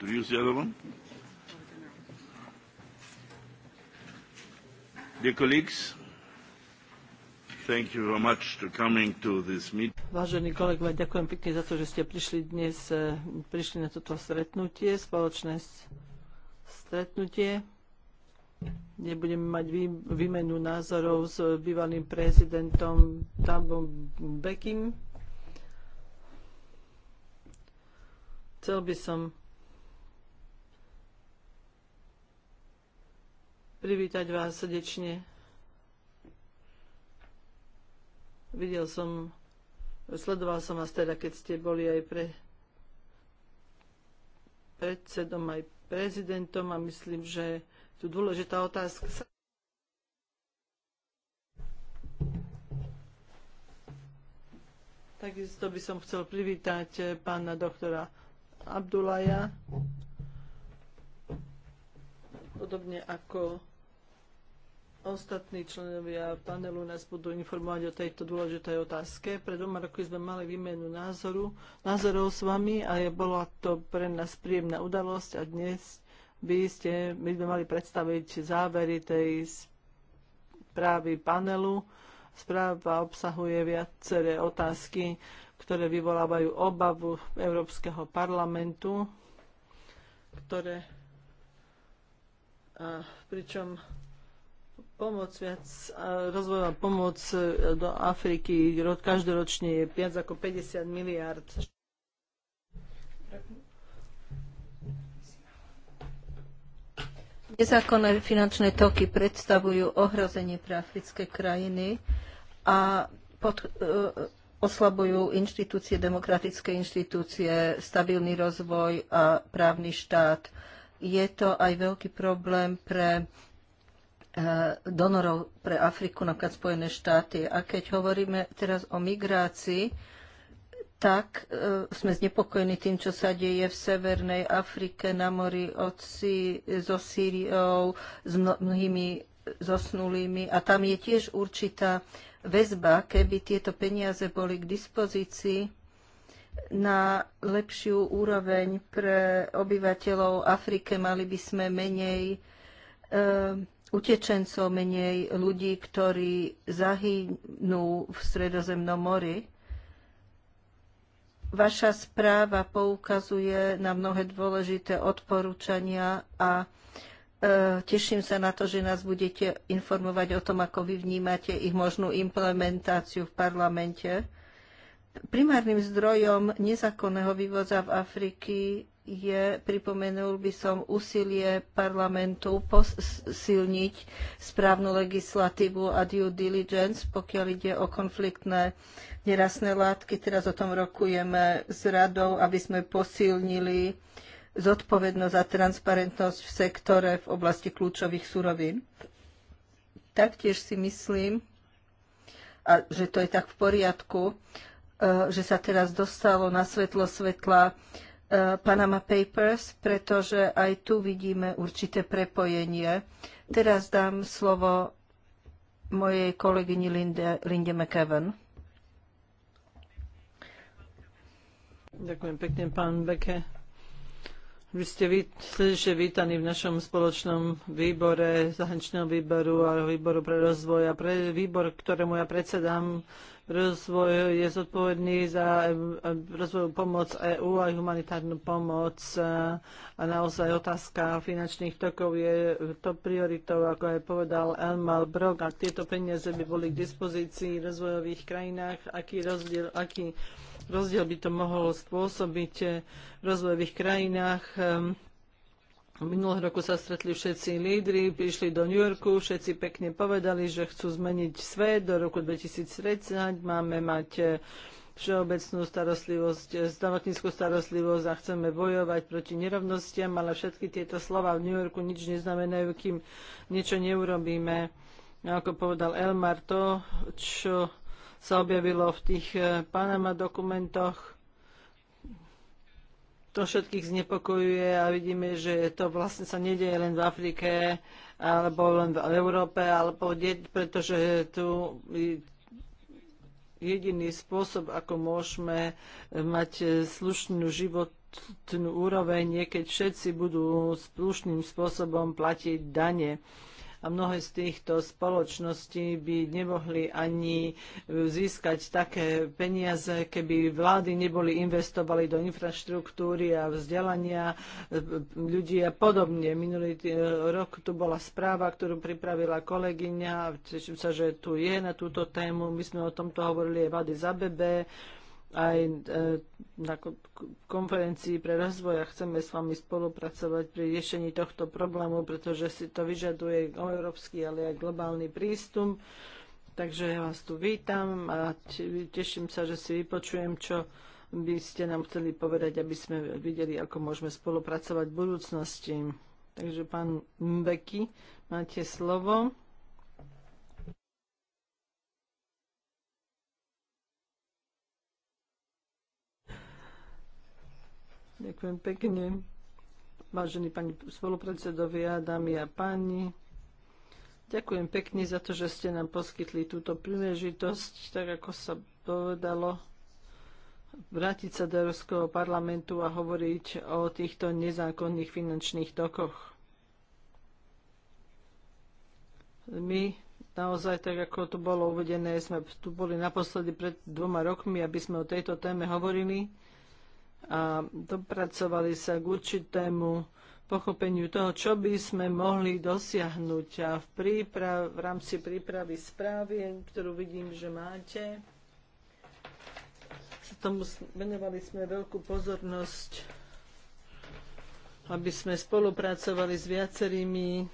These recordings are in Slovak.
Do you use the other one? Dear colleagues, thank you very much for coming to this meeting. Vážení kolegovia, ďakujem pekne za to, že ste prišli dnes, e, prišli na toto stretnutie, spoločné stretnutie nebudeme mať výmenu názorov s bývalým prezidentom Tambom Bekim. Chcel by som privítať vás srdečne. Videl som, sledoval som vás teda, keď ste boli aj pre predsedom, aj prezidentom a myslím, že tu dôležitá otázka sa Takisto by som chcel privítať eh, pána doktora Abdulaja, podobne ako Ostatní členovia panelu nás budú informovať o tejto dôležitej otázke. Pred dvoma roky sme mali výmenu názoru, názorov s vami a je, bola to pre nás príjemná udalosť a dnes by ste, my sme mali predstaviť závery tej správy panelu. Správa obsahuje viaceré otázky, ktoré vyvolávajú obavu Európskeho parlamentu, ktoré, a, pričom Pomoc viac, rozvojová pomoc e, do Afriky každoročne je viac ako 50 miliard. Nezákonné finančné toky predstavujú ohrozenie pre africké krajiny a pod, uh, oslabujú inštitúcie, demokratické inštitúcie, stabilný rozvoj a právny štát. Je to aj veľký problém pre Eh, donorov pre Afriku, napríklad Spojené štáty. A keď hovoríme teraz o migrácii, tak eh, sme znepokojení tým, čo sa deje v Severnej Afrike, na mori od so Sýriou, s mnohými zosnulými. A tam je tiež určitá väzba, keby tieto peniaze boli k dispozícii na lepšiu úroveň pre obyvateľov Afrike, mali by sme menej eh, utečencov, menej ľudí, ktorí zahynú v Stredozemnom mori. Vaša správa poukazuje na mnohé dôležité odporúčania a e, teším sa na to, že nás budete informovať o tom, ako vy vnímate ich možnú implementáciu v parlamente. Primárnym zdrojom nezákonného vývoza v Afriky je, pripomenul by som, úsilie parlamentu posilniť správnu legislatívu a due diligence, pokiaľ ide o konfliktné nerastné látky. Teraz o tom rokujeme s radou, aby sme posilnili zodpovednosť a transparentnosť v sektore v oblasti kľúčových surovín. Taktiež si myslím, a že to je tak v poriadku, e, že sa teraz dostalo na svetlo svetla Panama Papers, pretože aj tu vidíme určité prepojenie. Teraz dám slovo mojej kolegyni Linde, Linde McEwen. Ďakujem pekne, pán Beke. Vy ste srdečne vítaní v našom spoločnom výbore, zahraničného výboru a výboru pre rozvoj. A pre výbor, ktorému ja predsedám, rozvoj je zodpovedný za e, rozvoj pomoc EÚ a humanitárnu pomoc. A naozaj otázka finančných tokov je to prioritou, ako aj povedal Elmar Brok. Ak tieto peniaze by boli k dispozícii v rozvojových krajinách, aký rozdiel, aký rozdiel by to mohol spôsobiť eh, v rozvojových krajinách. Eh, Minulého roku sa stretli všetci lídry, prišli do New Yorku, všetci pekne povedali, že chcú zmeniť svet do roku 2030, máme mať eh, všeobecnú starostlivosť, zdravotníckú starostlivosť a chceme bojovať proti nerovnostiam, ale všetky tieto slova v New Yorku nič neznamenajú, kým niečo neurobíme. Ako povedal Elmar, to, čo sa objavilo v tých e, Panama dokumentoch. To všetkých znepokojuje a vidíme, že to vlastne sa nedieje len v Afrike alebo len v Európe, alebo pretože tu jediný spôsob, ako môžeme mať slušnú životnú úroveň je, keď všetci budú slušným spôsobom platiť dane a mnohé z týchto spoločností by nemohli ani získať také peniaze, keby vlády neboli investovali do infraštruktúry a vzdelania ľudí a podobne. Minulý rok tu bola správa, ktorú pripravila kolegyňa, teším sa, že tu je na túto tému. My sme o tomto hovorili aj vady Addis aj e, na konferencii pre rozvoj a chceme s vami spolupracovať pri riešení tohto problému, pretože si to vyžaduje európsky, ale aj globálny prístup. Takže ja vás tu vítam a teším sa, že si vypočujem, čo by ste nám chceli povedať, aby sme videli, ako môžeme spolupracovať v budúcnosti. Takže pán Mbeki, máte slovo. Ďakujem pekne. Vážení pani spolupredsedovia, dámy a páni, ďakujem pekne za to, že ste nám poskytli túto príležitosť, tak ako sa povedalo, vrátiť sa do Európskeho parlamentu a hovoriť o týchto nezákonných finančných tokoch. My naozaj, tak ako tu bolo uvedené, sme tu boli naposledy pred dvoma rokmi, aby sme o tejto téme hovorili a dopracovali sa k určitému pochopeniu toho, čo by sme mohli dosiahnuť. A v, príprav, v rámci prípravy správy, ktorú vidím, že máte, tomu venovali sme veľkú pozornosť, aby sme spolupracovali s viacerými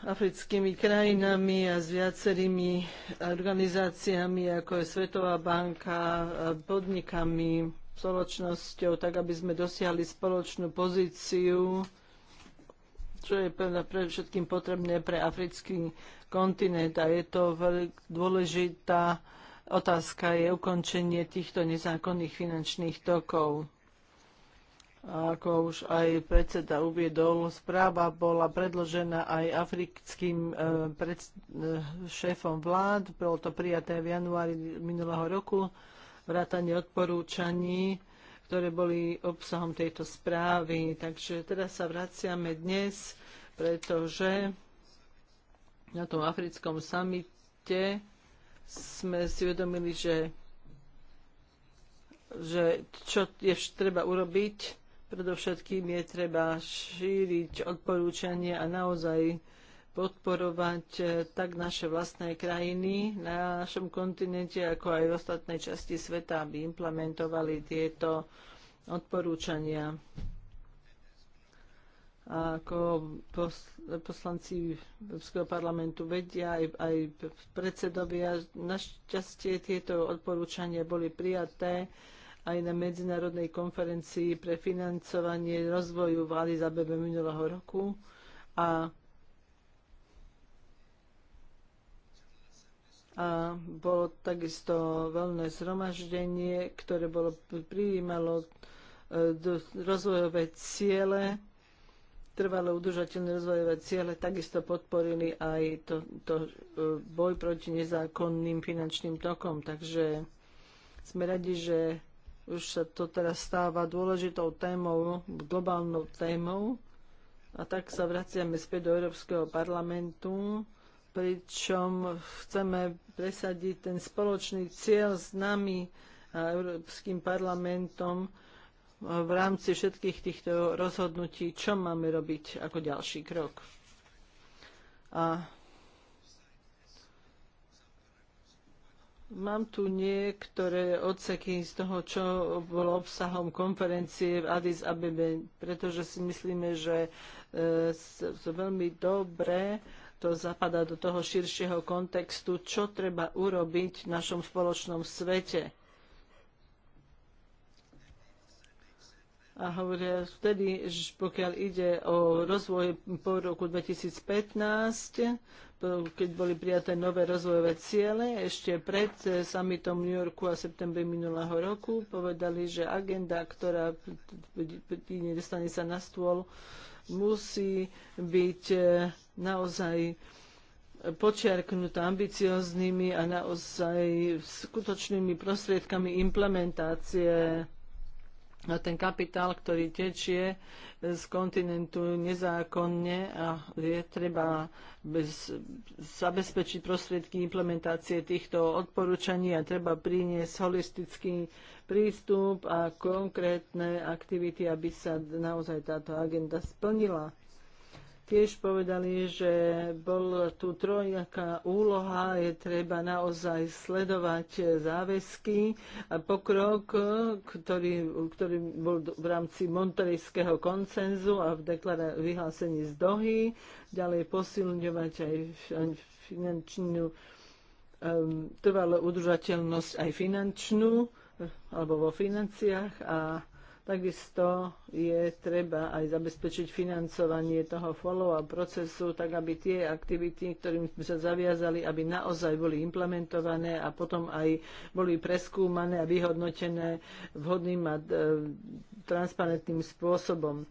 africkými krajinami a s viacerými organizáciami, ako je Svetová banka, podnikami, spoločnosťou, tak aby sme dosiahli spoločnú pozíciu, čo je pre všetkým potrebné pre africký kontinent a je to dôležitá otázka je ukončenie týchto nezákonných finančných tokov ako už aj predseda uviedol, správa bola predložená aj africkým e, e, šéfom vlád. Bolo to prijaté v januári minulého roku, vrátanie odporúčaní, ktoré boli obsahom tejto správy. Takže teraz sa vraciame dnes, pretože na tom africkom samite sme si uvedomili, že, že čo je treba urobiť Predovšetkým je treba šíriť odporúčania a naozaj podporovať eh, tak naše vlastné krajiny na našom kontinente, ako aj v ostatnej časti sveta, aby implementovali tieto odporúčania. A ako poslanci Európskeho parlamentu vedia, aj, aj predsedovia, našťastie tieto odporúčania boli prijaté aj na medzinárodnej konferencii pre financovanie rozvoju vlády za Abebe minulého roku a a bolo takisto veľné zhromaždenie, ktoré bolo, prijímalo e, rozvojové ciele, trvalo udržateľné rozvojové ciele, takisto podporili aj to, to e, boj proti nezákonným finančným tokom. Takže sme radi, že už sa to teraz stáva dôležitou témou, globálnou témou. A tak sa vraciame späť do Európskeho parlamentu, pričom chceme presadiť ten spoločný cieľ s nami a Európskym parlamentom v rámci všetkých týchto rozhodnutí, čo máme robiť ako ďalší krok. A Mám tu niektoré odseky z toho, čo bolo obsahom konferencie v Addis Abebe, pretože si myslíme, že e, sú veľmi dobré to zapadá do toho širšieho kontextu, čo treba urobiť v našom spoločnom svete. a hovoria vtedy, pokiaľ ide o rozvoj po roku 2015, keď boli prijaté nové rozvojové ciele, ešte pred eh, summitom New Yorku a septembri minulého roku povedali, že agenda, ktorá nedostane sa na stôl, musí byť eh, naozaj počiarknutá ambicioznými a naozaj skutočnými prostriedkami implementácie na ten kapitál, ktorý tečie e, z kontinentu nezákonne a je treba bez, zabezpečiť prostriedky implementácie týchto odporúčaní a treba priniesť holistický prístup a konkrétne aktivity, aby sa naozaj táto agenda splnila tiež povedali, že bol tu trojaká úloha, je treba naozaj sledovať záväzky a pokrok, ktorý, ktorý bol v rámci Monterejského koncenzu a v deklara- vyhlásení z Dohy, ďalej posilňovať aj finančnú um, ehm, trvalú udržateľnosť aj finančnú alebo vo financiách a Takisto je treba aj zabezpečiť financovanie toho follow-up procesu, tak aby tie aktivity, ktorým sme sa zaviazali, aby naozaj boli implementované a potom aj boli preskúmané a vyhodnotené vhodným a e, transparentným spôsobom.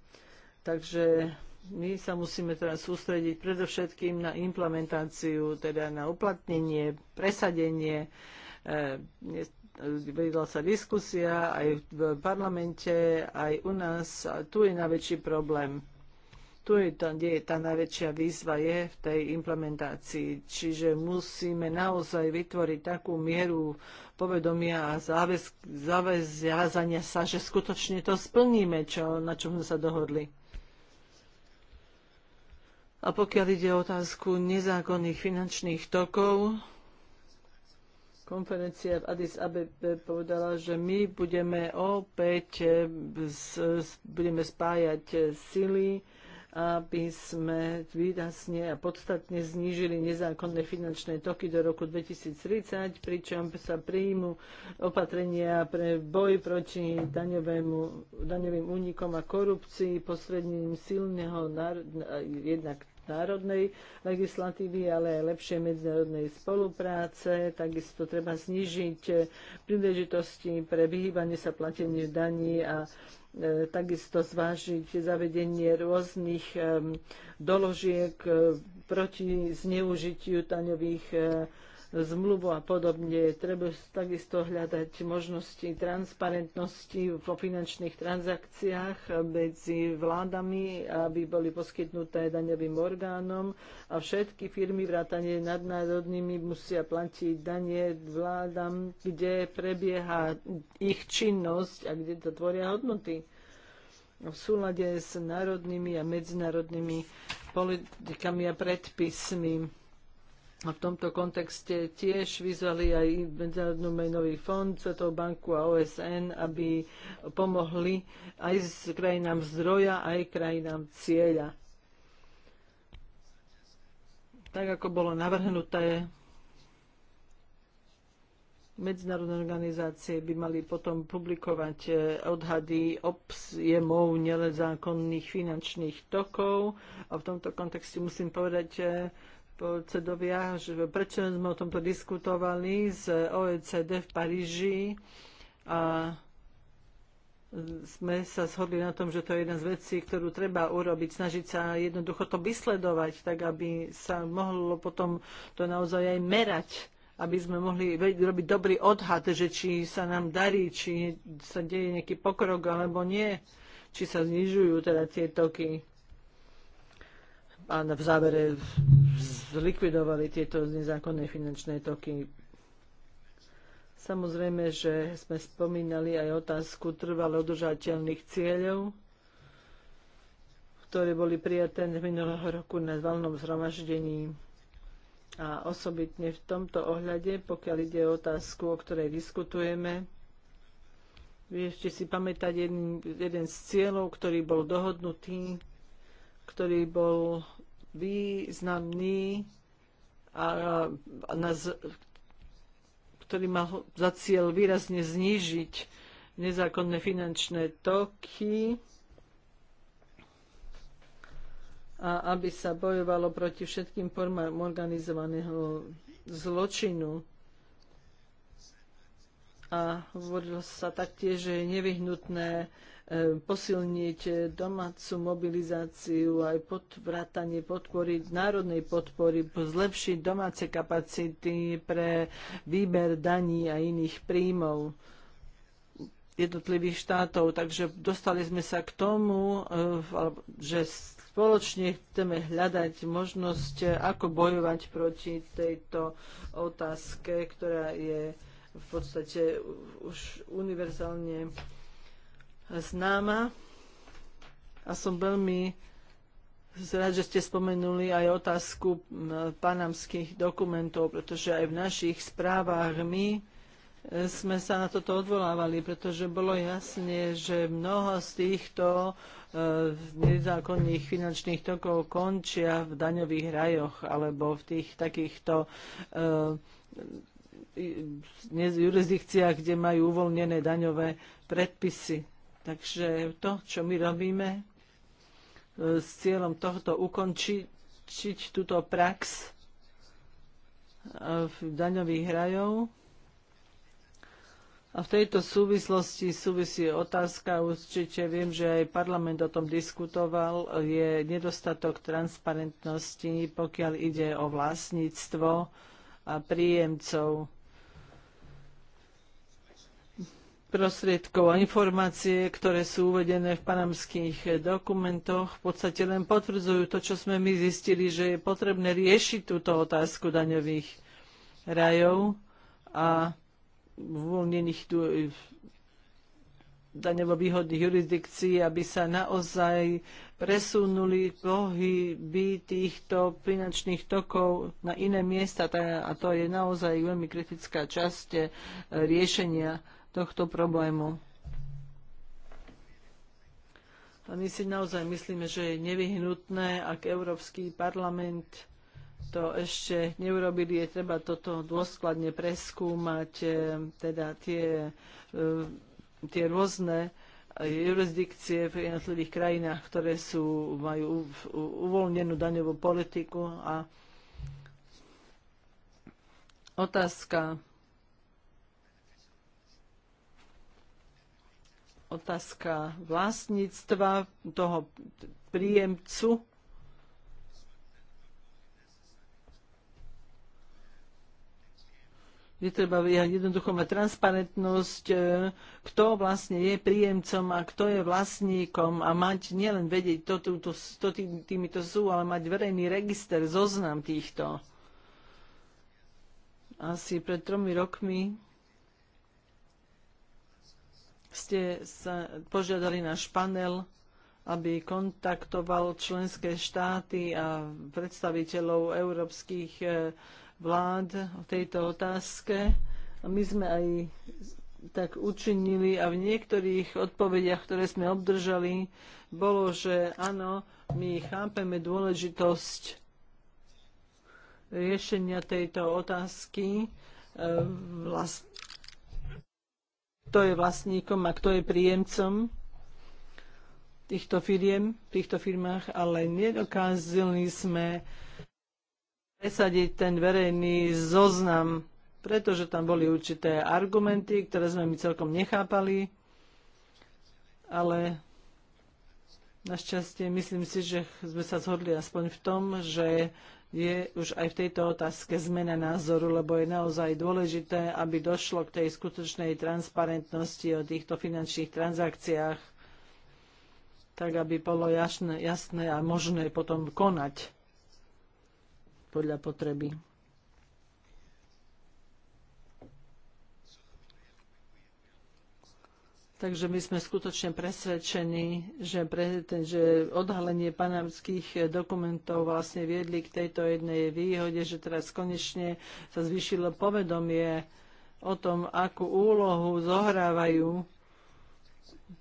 Takže my sa musíme teraz sústrediť predovšetkým na implementáciu, teda na uplatnenie, presadenie. E, vedla sa diskusia aj v parlamente, aj u nás. A tu je najväčší problém. Tu je tá, kde je tá najväčšia výzva je v tej implementácii. Čiže musíme naozaj vytvoriť takú mieru povedomia a záväz, sa, že skutočne to splníme, čo, na čom sme sa dohodli. A pokiaľ ide o otázku nezákonných finančných tokov, konferencia v Addis Abebe povedala, že my budeme opäť eh, budeme spájať eh, sily, aby sme výrazne a podstatne znížili nezákonné finančné toky do roku 2030, pričom sa príjmu opatrenia pre boj proti daňovému, daňovým únikom a korupcii posredním silného jednak národnej legislatívy, ale aj lepšej medzinárodnej spolupráce. Takisto treba znižiť príležitosti pre vyhýbanie sa platenie daní a e, takisto zvážiť zavedenie rôznych e, doložiek e, proti zneužitiu daňových zmluvu a podobne. Treba takisto hľadať možnosti transparentnosti vo finančných transakciách medzi vládami, aby boli poskytnuté daňovým orgánom a všetky firmy vrátane nadnárodnými musia platiť danie vládam, kde prebieha ich činnosť a kde to tvoria hodnoty v súlade s národnými a medzinárodnými politikami a predpismi. A v tomto kontexte tiež vyzvali aj Medzinárodný menový fond, Svetovú banku a OSN, aby pomohli aj s krajinám zdroja, aj krajinám cieľa. Tak ako bolo navrhnuté, medzinárodné organizácie by mali potom publikovať e, odhady obsiemov nelezákonných finančných tokov. A v tomto kontexte musím povedať, že podsedovia, že prečo sme o tomto diskutovali z OECD v Paríži a sme sa shodli na tom, že to je jedna z vecí, ktorú treba urobiť, snažiť sa jednoducho to vysledovať, tak aby sa mohlo potom to naozaj aj merať, aby sme mohli robiť dobrý odhad, že či sa nám darí, či sa deje nejaký pokrok alebo nie, či sa znižujú teda tie toky a v závere zlikvidovali tieto nezákonné finančné toky. Samozrejme, že sme spomínali aj otázku trvalo udržateľných cieľov, ktoré boli prijaté minulého roku na valnom zhromaždení. A osobitne v tomto ohľade, pokiaľ ide o otázku, o ktorej diskutujeme, ešte si pamätať jeden, jeden z cieľov, ktorý bol dohodnutý, ktorý bol významný a, a na, ktorý má za cieľ výrazne znížiť nezákonné finančné toky a aby sa bojovalo proti všetkým formám organizovaného zločinu. A hovorilo sa taktiež, že je nevyhnutné E, posilniť domácu mobilizáciu, aj podvratanie podpory, národnej podpory, zlepšiť domáce kapacity pre výber daní a iných príjmov jednotlivých štátov. Takže dostali sme sa k tomu, e, že spoločne chceme hľadať možnosť, e, ako bojovať proti tejto otázke, ktorá je v podstate už univerzálne známa a som veľmi rád, že ste spomenuli aj otázku panamských dokumentov, pretože aj v našich správach my e, sme sa na toto odvolávali, pretože bolo jasne, že mnoho z týchto e, nezákonných finančných tokov končia v daňových rajoch alebo v tých takýchto e, jurisdikciách, kde majú uvoľnené daňové predpisy. Takže to, čo my robíme e, s cieľom tohto ukončiť túto prax e, v daňových rajov, a v tejto súvislosti súvisí otázka, určite viem, že aj parlament o tom diskutoval, je nedostatok transparentnosti, pokiaľ ide o vlastníctvo a príjemcov prostriedkov a informácie, ktoré sú uvedené v panamských dokumentoch, v podstate len potvrdzujú to, čo sme my zistili, že je potrebné riešiť túto otázku daňových rajov a uvoľnených daňovo výhodných jurisdikcií, aby sa naozaj presunuli pohyby týchto finančných tokov na iné miesta. A to je naozaj veľmi kritická časť eh, riešenia tohto problému. A my si naozaj myslíme, že je nevyhnutné, ak Európsky parlament to ešte neurobili, je treba toto dôskladne preskúmať, e, teda tie, e, tie rôzne jurisdikcie v jednotlivých krajinách, ktoré sú, majú uvoľnenú daňovú politiku a otázka otázka vlastníctva toho príjemcu. Je treba jednoducho mať transparentnosť, e, kto vlastne je príjemcom a kto je vlastníkom a mať nielen vedieť, to, to, to, to tý, to sú, ale mať verejný register, zoznam týchto. Asi pred tromi rokmi ste sa požiadali náš panel, aby kontaktoval členské štáty a predstaviteľov európskych e, vlád o tejto otázke. A my sme aj tak učinili a v niektorých odpovediach, ktoré sme obdržali, bolo, že áno, my chápeme dôležitosť riešenia tejto otázky. E, vlast, kto je vlastníkom a kto je príjemcom týchto firiem, týchto firmách, ale nedokázali sme presadiť ten verejný zoznam, pretože tam boli určité argumenty, ktoré sme my celkom nechápali, ale našťastie myslím si, že sme sa zhodli aspoň v tom, že je už aj v tejto otázke zmena názoru, lebo je naozaj dôležité, aby došlo k tej skutočnej transparentnosti o týchto finančných transakciách, tak aby bolo jasné, jasné a možné potom konať podľa potreby. Takže my sme skutočne presvedčení, že, pre, ten, že odhalenie panamských dokumentov vlastne viedli k tejto jednej výhode, že teraz konečne sa zvýšilo povedomie o tom, akú úlohu zohrávajú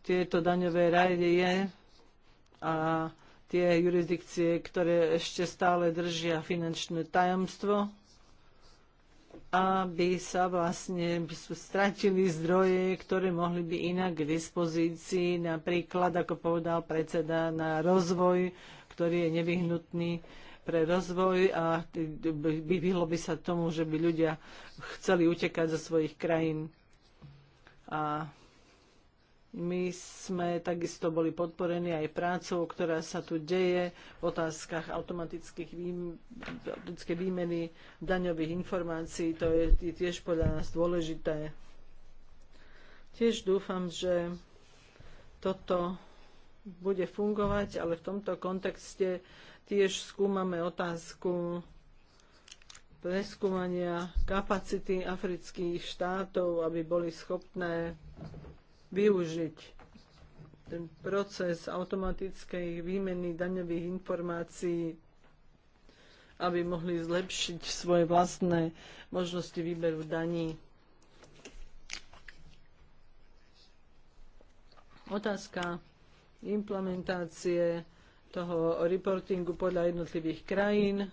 tieto daňové raje a tie jurisdikcie, ktoré ešte stále držia finančné tajomstvo aby sa vlastne stratili zdroje, ktoré mohli by inak k dispozícii, napríklad, ako povedal predseda, na rozvoj, ktorý je nevyhnutný pre rozvoj a vyhlo by sa tomu, že by ľudia chceli utekať zo svojich krajín. A my sme takisto boli podporení aj prácou, ktorá sa tu deje v otázkach automatických automatické výmeny daňových informácií. To je tiež podľa nás dôležité. Tiež dúfam, že toto bude fungovať, ale v tomto kontexte tiež skúmame otázku preskúmania kapacity afrických štátov, aby boli schopné využiť ten proces automatickej výmeny daňových informácií, aby mohli zlepšiť svoje vlastné možnosti výberu daní. Otázka implementácie toho reportingu podľa jednotlivých krajín,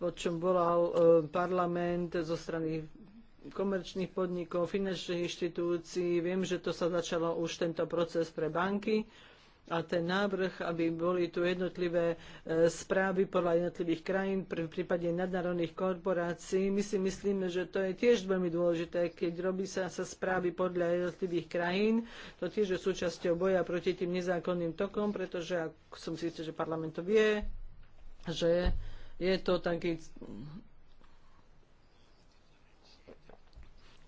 o čom volal e, parlament zo strany komerčných podnikov, finančných inštitúcií. Viem, že to sa začalo už tento proces pre banky a ten návrh, aby boli tu jednotlivé e, správy podľa jednotlivých krajín v prípade nadnárodných korporácií. My si myslíme, že to je tiež veľmi dôležité, keď robí sa, sa správy podľa jednotlivých krajín. To tiež je súčasťou boja proti tým nezákonným tokom, pretože ak som si istý, že parlament to vie, že je to taký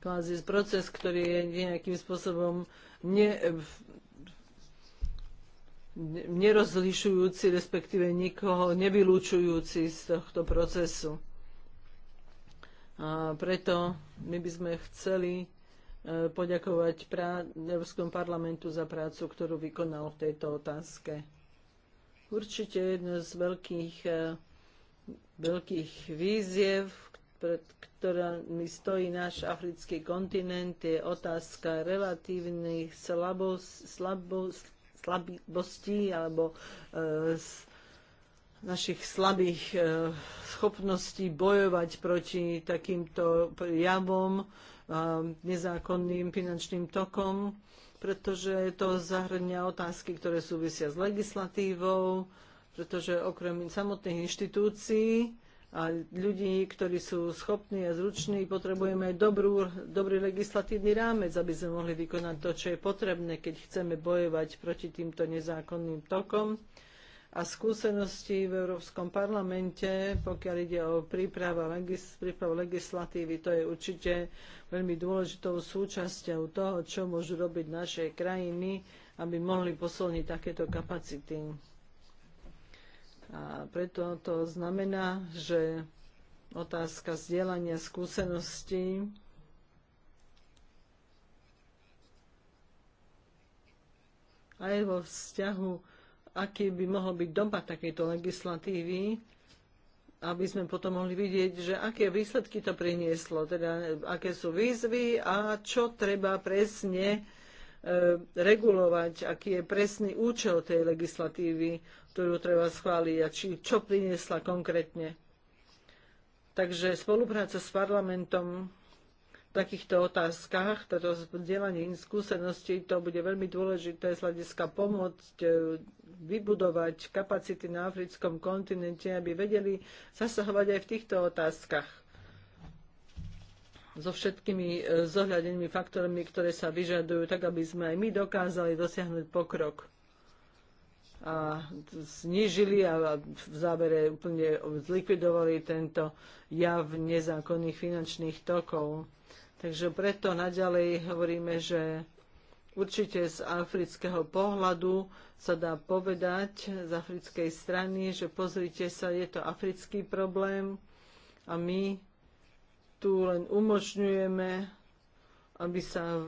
kvázi proces, ktorý je nejakým spôsobom ne, nerozlišujúci, respektíve nikoho nevylúčujúci z tohto procesu. A preto my by sme chceli e, poďakovať Európskom parlamentu za prácu, ktorú vykonal v tejto otázke. Určite jedno z veľkých, e, veľkých výziev, pred ktorými stojí náš africký kontinent, je otázka relatívnych slabos, slabos, slabostí alebo e, našich slabých eh, schopností bojovať proti takýmto javom, nezákonným finančným tokom, pretože to zahrňa otázky, ktoré súvisia s legislatívou, pretože okrem samotných inštitúcií a ľudí, ktorí sú schopní a zruční, potrebujeme aj dobrú, dobrý legislatívny rámec, aby sme mohli vykonať to, čo je potrebné, keď chceme bojovať proti týmto nezákonným tokom. A skúsenosti v Európskom parlamente, pokiaľ ide o prípravu legis, legislatívy, to je určite veľmi dôležitou súčasťou toho, čo môžu robiť naše krajiny, aby mohli posilniť takéto kapacity. A preto to znamená, že otázka zdieľania skúseností aj vo vzťahu, aký by mohol byť dopad takejto legislatívy, aby sme potom mohli vidieť, že aké výsledky to prinieslo, teda aké sú výzvy a čo treba presne E, regulovať, aký je presný účel tej legislatívy, ktorú treba schváliť a či, čo priniesla konkrétne. Takže spolupráca s parlamentom v takýchto otázkach, toto vzdelanie skúseností, to bude veľmi dôležité z hľadiska pomôcť e, vybudovať kapacity na africkom kontinente, aby vedeli zasahovať aj v týchto otázkach so všetkými e, zohľadenými faktormi, ktoré sa vyžadujú, tak aby sme aj my dokázali dosiahnuť pokrok a znižili a v závere úplne zlikvidovali tento jav nezákonných finančných tokov. Takže preto naďalej hovoríme, že určite z afrického pohľadu sa dá povedať z africkej strany, že pozrite sa, je to africký problém a my tu len umožňujeme, aby sa e,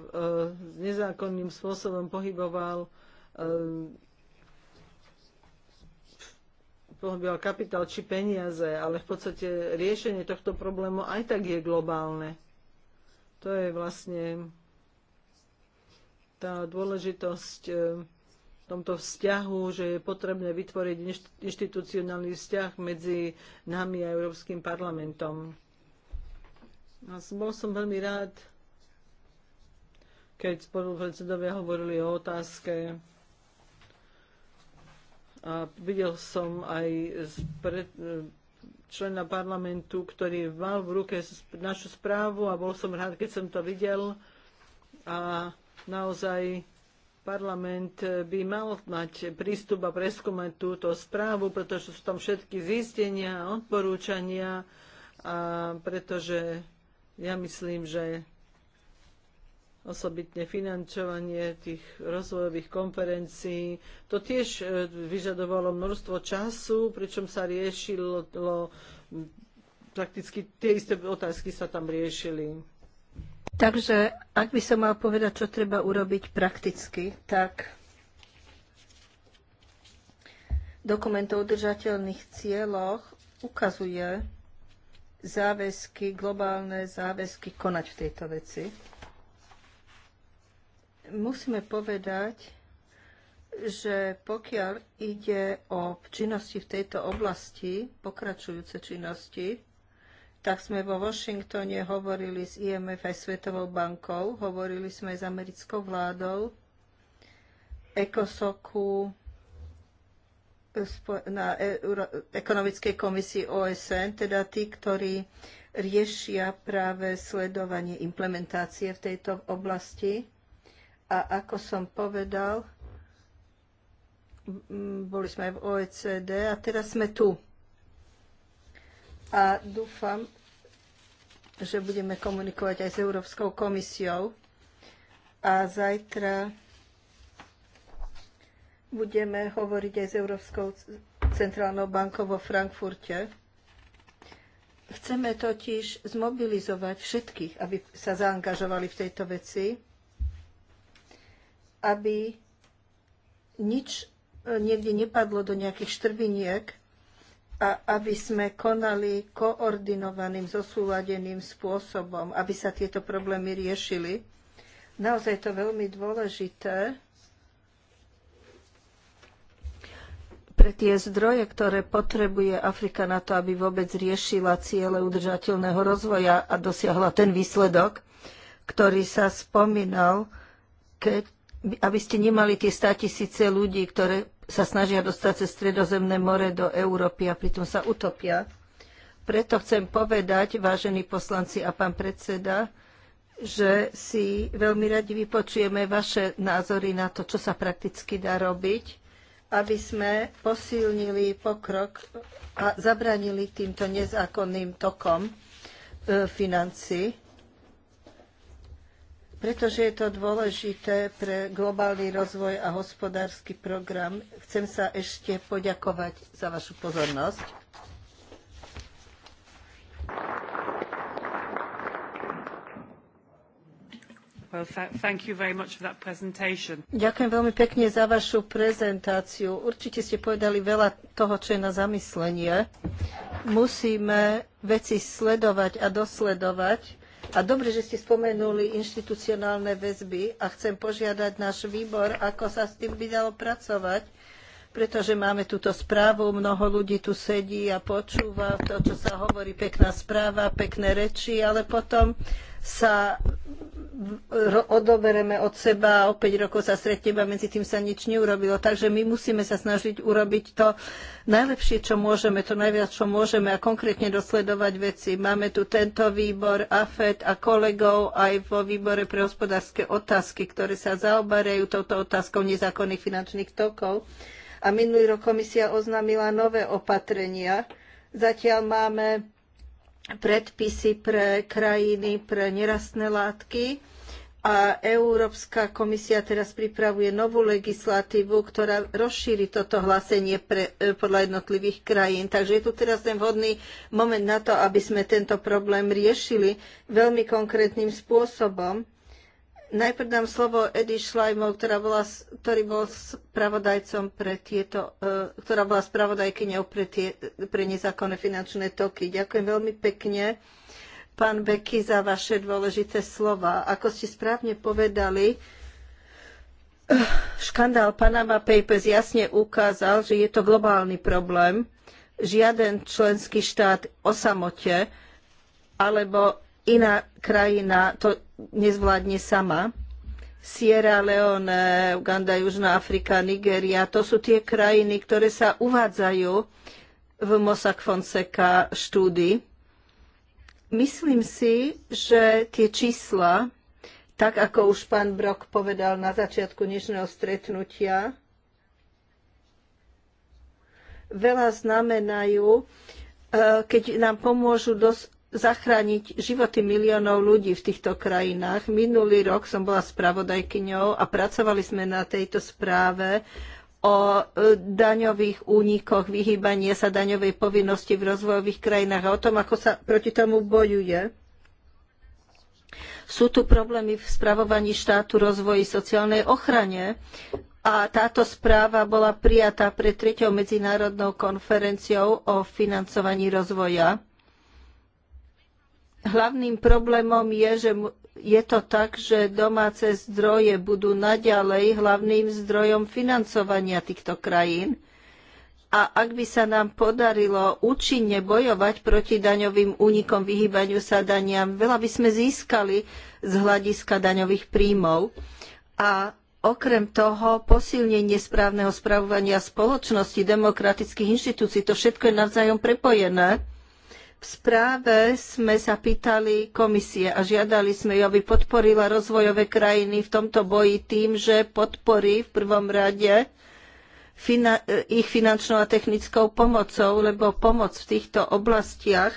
nezákonným spôsobom pohyboval e, pohyboval kapitál či peniaze, ale v podstate riešenie tohto problému aj tak je globálne. To je vlastne tá dôležitosť e, v tomto vzťahu, že je potrebné vytvoriť inštitucionálny vzťah medzi nami a Európskym parlamentom. Bol som veľmi rád, keď spolupredsedovia hovorili o otázke a videl som aj člena parlamentu, ktorý mal v ruke našu správu a bol som rád, keď som to videl. A naozaj parlament by mal mať prístup a preskúmať túto správu, pretože sú tam všetky zistenia a odporúčania, a pretože ja myslím, že osobitne financovanie tých rozvojových konferencií. To tiež e, vyžadovalo množstvo času, pričom sa riešilo prakticky tie isté otázky sa tam riešili. Takže ak by som mal povedať, čo treba urobiť prakticky, tak dokument o udržateľných cieľoch ukazuje, záväzky, globálne záväzky konať v tejto veci. Musíme povedať, že pokiaľ ide o činnosti v tejto oblasti, pokračujúce činnosti, tak sme vo Washingtone hovorili s IMF aj Svetovou bankou, hovorili sme aj s americkou vládou, ECOSOKu, na ekonomickej komisii OSN, teda tí, ktorí riešia práve sledovanie implementácie v tejto oblasti. A ako som povedal, boli sme aj v OECD a teraz sme tu. A dúfam, že budeme komunikovať aj s Európskou komisiou. A zajtra budeme hovoriť aj s Európskou centrálnou bankou vo Frankfurte. Chceme totiž zmobilizovať všetkých, aby sa zaangažovali v tejto veci, aby nič e, niekde nepadlo do nejakých štrbiniek a aby sme konali koordinovaným, zosúladeným spôsobom, aby sa tieto problémy riešili. Naozaj to veľmi dôležité, pre tie zdroje, ktoré potrebuje Afrika na to, aby vôbec riešila ciele udržateľného rozvoja a dosiahla ten výsledok, ktorý sa spomínal, keď, aby ste nemali tie 100 tisíce ľudí, ktoré sa snažia dostať cez Stredozemné more do Európy a pritom sa utopia. Preto chcem povedať, vážení poslanci a pán predseda, že si veľmi radi vypočujeme vaše názory na to, čo sa prakticky dá robiť aby sme posilnili pokrok a zabranili týmto nezákonným tokom e, financí, pretože je to dôležité pre globálny rozvoj a hospodársky program. Chcem sa ešte poďakovať za vašu pozornosť. Ďakujem veľmi pekne za vašu prezentáciu. Určite ste povedali veľa toho, čo je na zamyslenie. Musíme veci sledovať a dosledovať. A dobre, že ste spomenuli inštitucionálne väzby a chcem požiadať náš výbor, ako sa s tým by dalo pracovať, pretože máme túto správu, mnoho ľudí tu sedí a počúva to, čo sa hovorí, pekná správa, pekné reči, ale potom sa odobereme od seba a o 5 rokov sa stretneme a medzi tým sa nič neurobilo. Takže my musíme sa snažiť urobiť to najlepšie, čo môžeme, to najviac, čo môžeme a konkrétne dosledovať veci. Máme tu tento výbor, AFED a kolegov aj vo výbore pre hospodárske otázky, ktoré sa zaoberajú touto otázkou nezákonných finančných tokov. A minulý rok komisia oznámila nové opatrenia. Zatiaľ máme predpisy pre krajiny, pre nerastné látky. A Európska komisia teraz pripravuje novú legislatívu, ktorá rozšíri toto hlásenie pre, e, podľa jednotlivých krajín. Takže je tu teraz ten vhodný moment na to, aby sme tento problém riešili veľmi konkrétnym spôsobom. Najprv dám slovo Edi Šlajmov, ktorá bola, ktorý bol spravodajcom pre tieto, e, ktorá bola spravodajkyňou pre, tie, pre nezákonné finančné toky. Ďakujem veľmi pekne, pán Beky, za vaše dôležité slova. Ako ste správne povedali, eh, škandál Panama Papers jasne ukázal, že je to globálny problém. Žiaden členský štát osamote, alebo Iná krajina to nezvládne sama. Sierra Leone, Uganda, Južná Afrika, Nigéria, to sú tie krajiny, ktoré sa uvádzajú v Mossack Fonseca štúdii. Myslím si, že tie čísla, tak ako už pán Brok povedal na začiatku dnešného stretnutia, veľa znamenajú, eh, keď nám pomôžu dos- zachrániť životy miliónov ľudí v týchto krajinách. Minulý rok som bola spravodajkyňou a pracovali sme na tejto správe o e, daňových únikoch, vyhýbanie sa daňovej povinnosti v rozvojových krajinách a o tom, ako sa proti tomu bojuje. Sú tu problémy v spravovaní štátu, rozvoji, sociálnej ochrane a táto správa bola prijatá pred 3. medzinárodnou konferenciou o financovaní rozvoja Hlavným problémom je, že je to tak, že domáce zdroje budú naďalej hlavným zdrojom financovania týchto krajín. A ak by sa nám podarilo účinne bojovať proti daňovým únikom, vyhýbaniu sa daniam, veľa by sme získali z hľadiska daňových príjmov. A okrem toho posilnenie správneho spravovania spoločnosti, demokratických inštitúcií, to všetko je navzájom prepojené v správe sme sa pýtali komisie a žiadali sme ju, aby podporila rozvojové krajiny v tomto boji tým, že podporí v prvom rade fina eh, ich finančnou a technickou pomocou, lebo pomoc v týchto oblastiach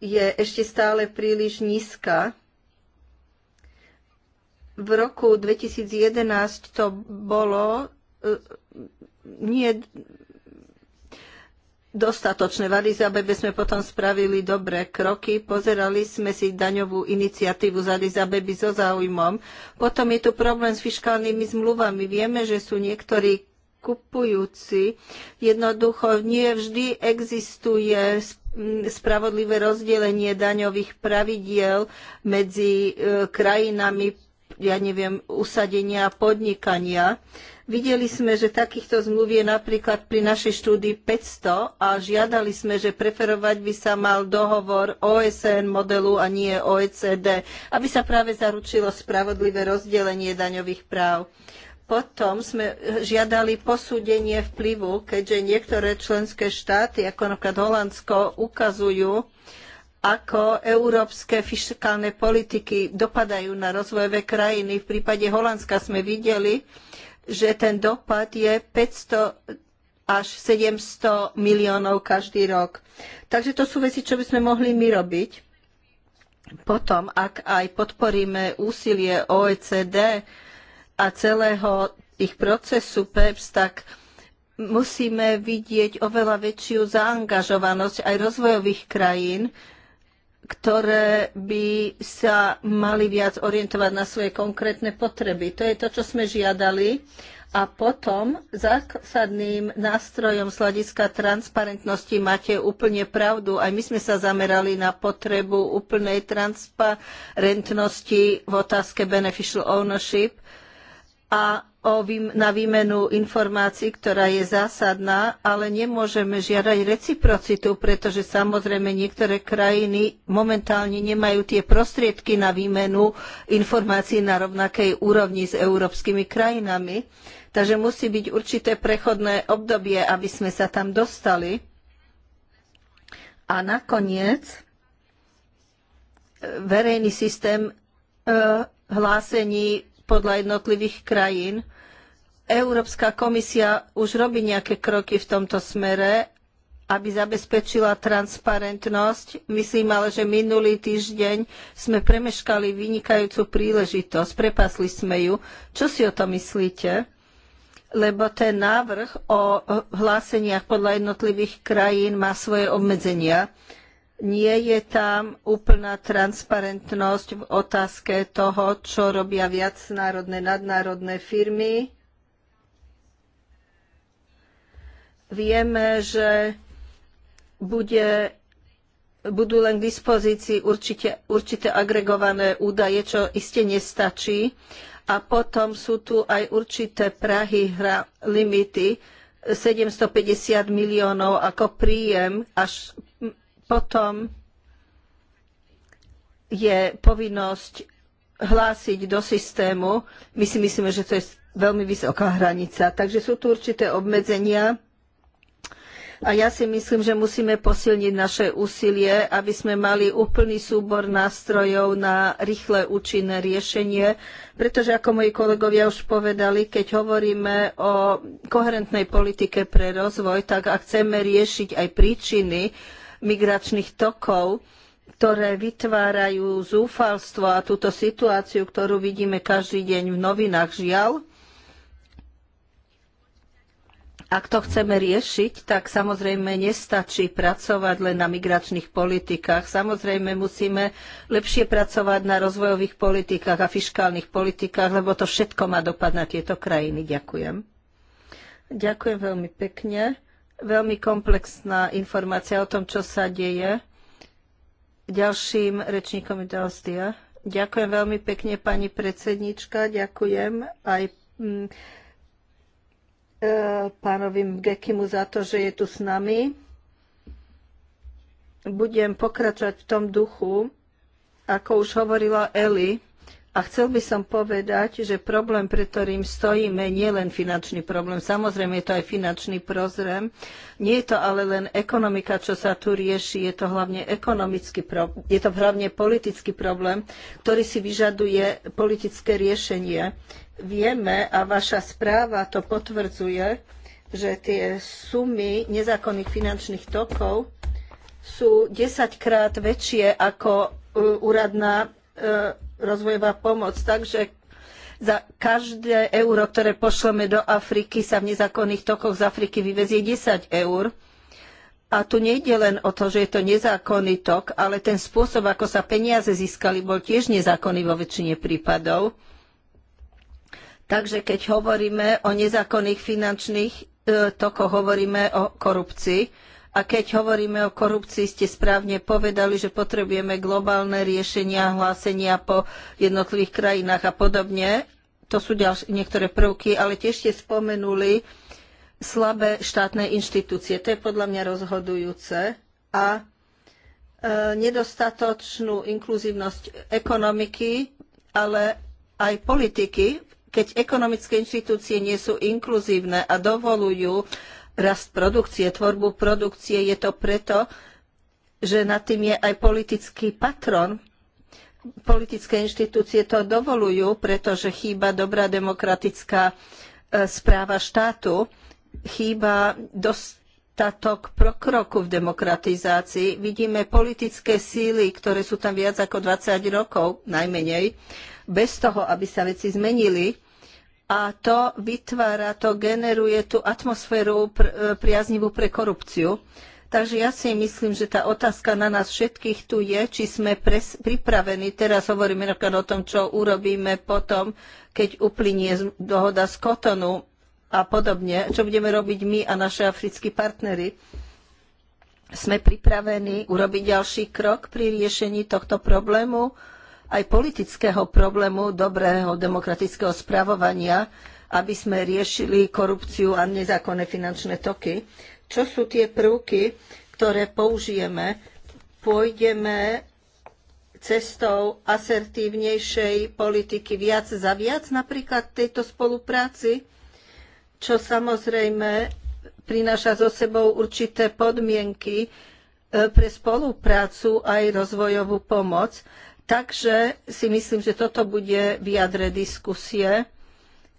je ešte stále príliš nízka. V roku 2011 to bolo eh, nie dostatočné. V Addis Abebe sme potom spravili dobré kroky, pozerali sme si daňovú iniciatívu z Addis so záujmom. Potom je tu problém s fiškálnymi zmluvami. Vieme, že sú niektorí kupujúci. Jednoducho nie vždy existuje spravodlivé rozdelenie daňových pravidiel medzi e, krajinami ja neviem, usadenia a podnikania. Videli sme, že takýchto zmluv je napríklad pri našej štúdii 500 a žiadali sme, že preferovať by sa mal dohovor OSN modelu a nie OECD, aby sa práve zaručilo spravodlivé rozdelenie daňových práv. Potom sme žiadali posúdenie vplyvu, keďže niektoré členské štáty, ako napríklad Holandsko, ukazujú, ako európske fiskálne politiky dopadajú na rozvojové krajiny. V prípade Holandska sme videli, že ten dopad je 500 až 700 miliónov každý rok. Takže to sú veci, čo by sme mohli my robiť. Potom, ak aj podporíme úsilie OECD a celého ich procesu PEPS, tak musíme vidieť oveľa väčšiu zaangažovanosť aj rozvojových krajín, ktoré by sa mali viac orientovať na svoje konkrétne potreby. To je to, čo sme žiadali. A potom zásadným nástrojom z hľadiska transparentnosti máte úplne pravdu. Aj my sme sa zamerali na potrebu úplnej transparentnosti v otázke beneficial ownership. A o vým, na výmenu informácií, ktorá je zásadná, ale nemôžeme žiadať reciprocitu, pretože samozrejme niektoré krajiny momentálne nemajú tie prostriedky na výmenu informácií na rovnakej úrovni s európskymi krajinami. Takže musí byť určité prechodné obdobie, aby sme sa tam dostali. A nakoniec e, verejný systém e, hlásení podľa jednotlivých krajín. Európska komisia už robí nejaké kroky v tomto smere, aby zabezpečila transparentnosť. Myslím ale, že minulý týždeň sme premeškali vynikajúcu príležitosť, prepasli sme ju. Čo si o to myslíte? Lebo ten návrh o hláseniach podľa jednotlivých krajín má svoje obmedzenia nie je tam úplná transparentnosť v otázke toho, čo robia viacnárodné, nadnárodné firmy. Vieme, že bude, budú len k dispozícii určite, určité agregované údaje, čo iste nestačí. A potom sú tu aj určité prahy, hra, limity, 750 miliónov ako príjem až potom je povinnosť hlásiť do systému. My si myslíme, že to je veľmi vysoká hranica. Takže sú tu určité obmedzenia. A ja si myslím, že musíme posilniť naše úsilie, aby sme mali úplný súbor nástrojov na rýchle účinné riešenie, pretože ako moji kolegovia už povedali, keď hovoríme o koherentnej politike pre rozvoj, tak ak chceme riešiť aj príčiny migračných tokov, ktoré vytvárajú zúfalstvo a túto situáciu, ktorú vidíme každý deň v novinách, žiaľ. Ak to chceme riešiť, tak samozrejme nestačí pracovať len na migračných politikách. Samozrejme musíme lepšie pracovať na rozvojových politikách a fiškálnych politikách, lebo to všetko má dopad na tieto krajiny. Ďakujem. Ďakujem veľmi pekne veľmi komplexná informácia o tom, čo sa deje. Ďalším rečníkom je Dalstia. Ďakujem veľmi pekne, pani predsednička. Ďakujem aj mm, e, pánovi Gekimu za to, že je tu s nami. Budem pokračovať v tom duchu, ako už hovorila Eli, a chcel by som povedať, že problém, pred ktorým stojíme, nie je len finančný problém. Samozrejme, je to aj finančný prozrem. Nie je to ale len ekonomika, čo sa tu rieši. Je to hlavne ekonomický problém. Je to hlavne politický problém, ktorý si vyžaduje politické riešenie. Vieme, a vaša správa to potvrdzuje, že tie sumy nezákonných finančných tokov sú 10 krát väčšie ako e, úradná rozvojová pomoc. Takže za každé euro, ktoré pošleme do Afriky, sa v nezákonných tokoch z Afriky vyvezie 10 eur. A tu nejde len o to, že je to nezákonný tok, ale ten spôsob, ako sa peniaze získali, bol tiež nezákonný vo väčšine prípadov. Takže keď hovoríme o nezákonných finančných e, tokoch, hovoríme o korupcii. A keď hovoríme o korupcii, ste správne povedali, že potrebujeme globálne riešenia, hlásenia po jednotlivých krajinách a podobne. To sú ďalšie niektoré prvky, ale tiež ste spomenuli slabé štátne inštitúcie. To je podľa mňa rozhodujúce. A e, nedostatočnú inkluzívnosť ekonomiky, ale aj politiky, keď ekonomické inštitúcie nie sú inkluzívne a dovolujú rast produkcie, tvorbu produkcie. Je to preto, že nad tým je aj politický patron. Politické inštitúcie to dovolujú, pretože chýba dobrá demokratická e, správa štátu, chýba dostatok prokroku v demokratizácii. Vidíme politické síly, ktoré sú tam viac ako 20 rokov, najmenej, bez toho, aby sa veci zmenili a to vytvára, to generuje tú atmosféru pr- e, priaznivú pre korupciu. Takže ja si myslím, že tá otázka na nás všetkých tu je, či sme pripravení, teraz hovoríme o tom, čo urobíme potom, keď uplynie dohoda z Kotonu a podobne, čo budeme robiť my a naši africkí partnery. Sme pripravení urobiť ďalší krok pri riešení tohto problému? aj politického problému dobrého demokratického spravovania, aby sme riešili korupciu a nezákonné finančné toky. Čo sú tie prvky, ktoré použijeme? Pôjdeme cestou asertívnejšej politiky viac za viac napríklad tejto spolupráci, čo samozrejme prináša so sebou určité podmienky e, pre spoluprácu aj rozvojovú pomoc. Takže si myslím, že toto bude v jadre diskusie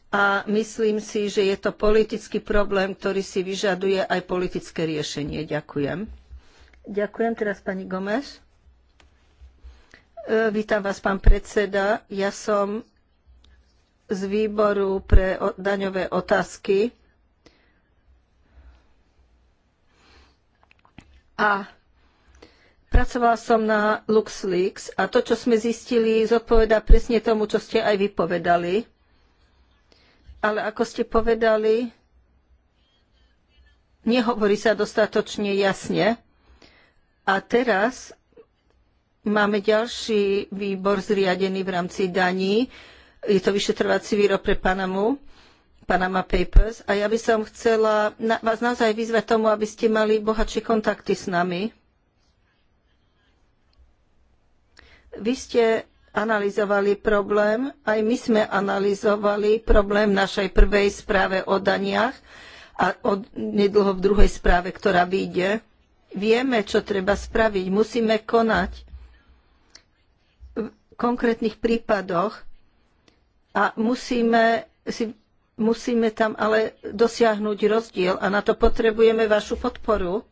a myslím si, že je to politický problém, ktorý si vyžaduje aj politické riešenie. Ďakujem. Ďakujem teraz pani Gomes. E, vítam vás, pán predseda. Ja som z výboru pre daňové otázky. A Pracovala som na LuxLeaks a to, čo sme zistili, zodpoveda presne tomu, čo ste aj vypovedali. Ale ako ste povedali, nehovorí sa dostatočne jasne. A teraz máme ďalší výbor zriadený v rámci daní. Je to vyšetrovací výro pre Panamu. Panama Papers a ja by som chcela vás naozaj vyzvať tomu, aby ste mali bohatšie kontakty s nami Vy ste analyzovali problém, aj my sme analyzovali problém v našej prvej správe o daniach a od, nedlho v druhej správe, ktorá vyjde. Vieme, čo treba spraviť, musíme konať v konkrétnych prípadoch a musíme, si, musíme tam ale dosiahnuť rozdiel a na to potrebujeme vašu podporu.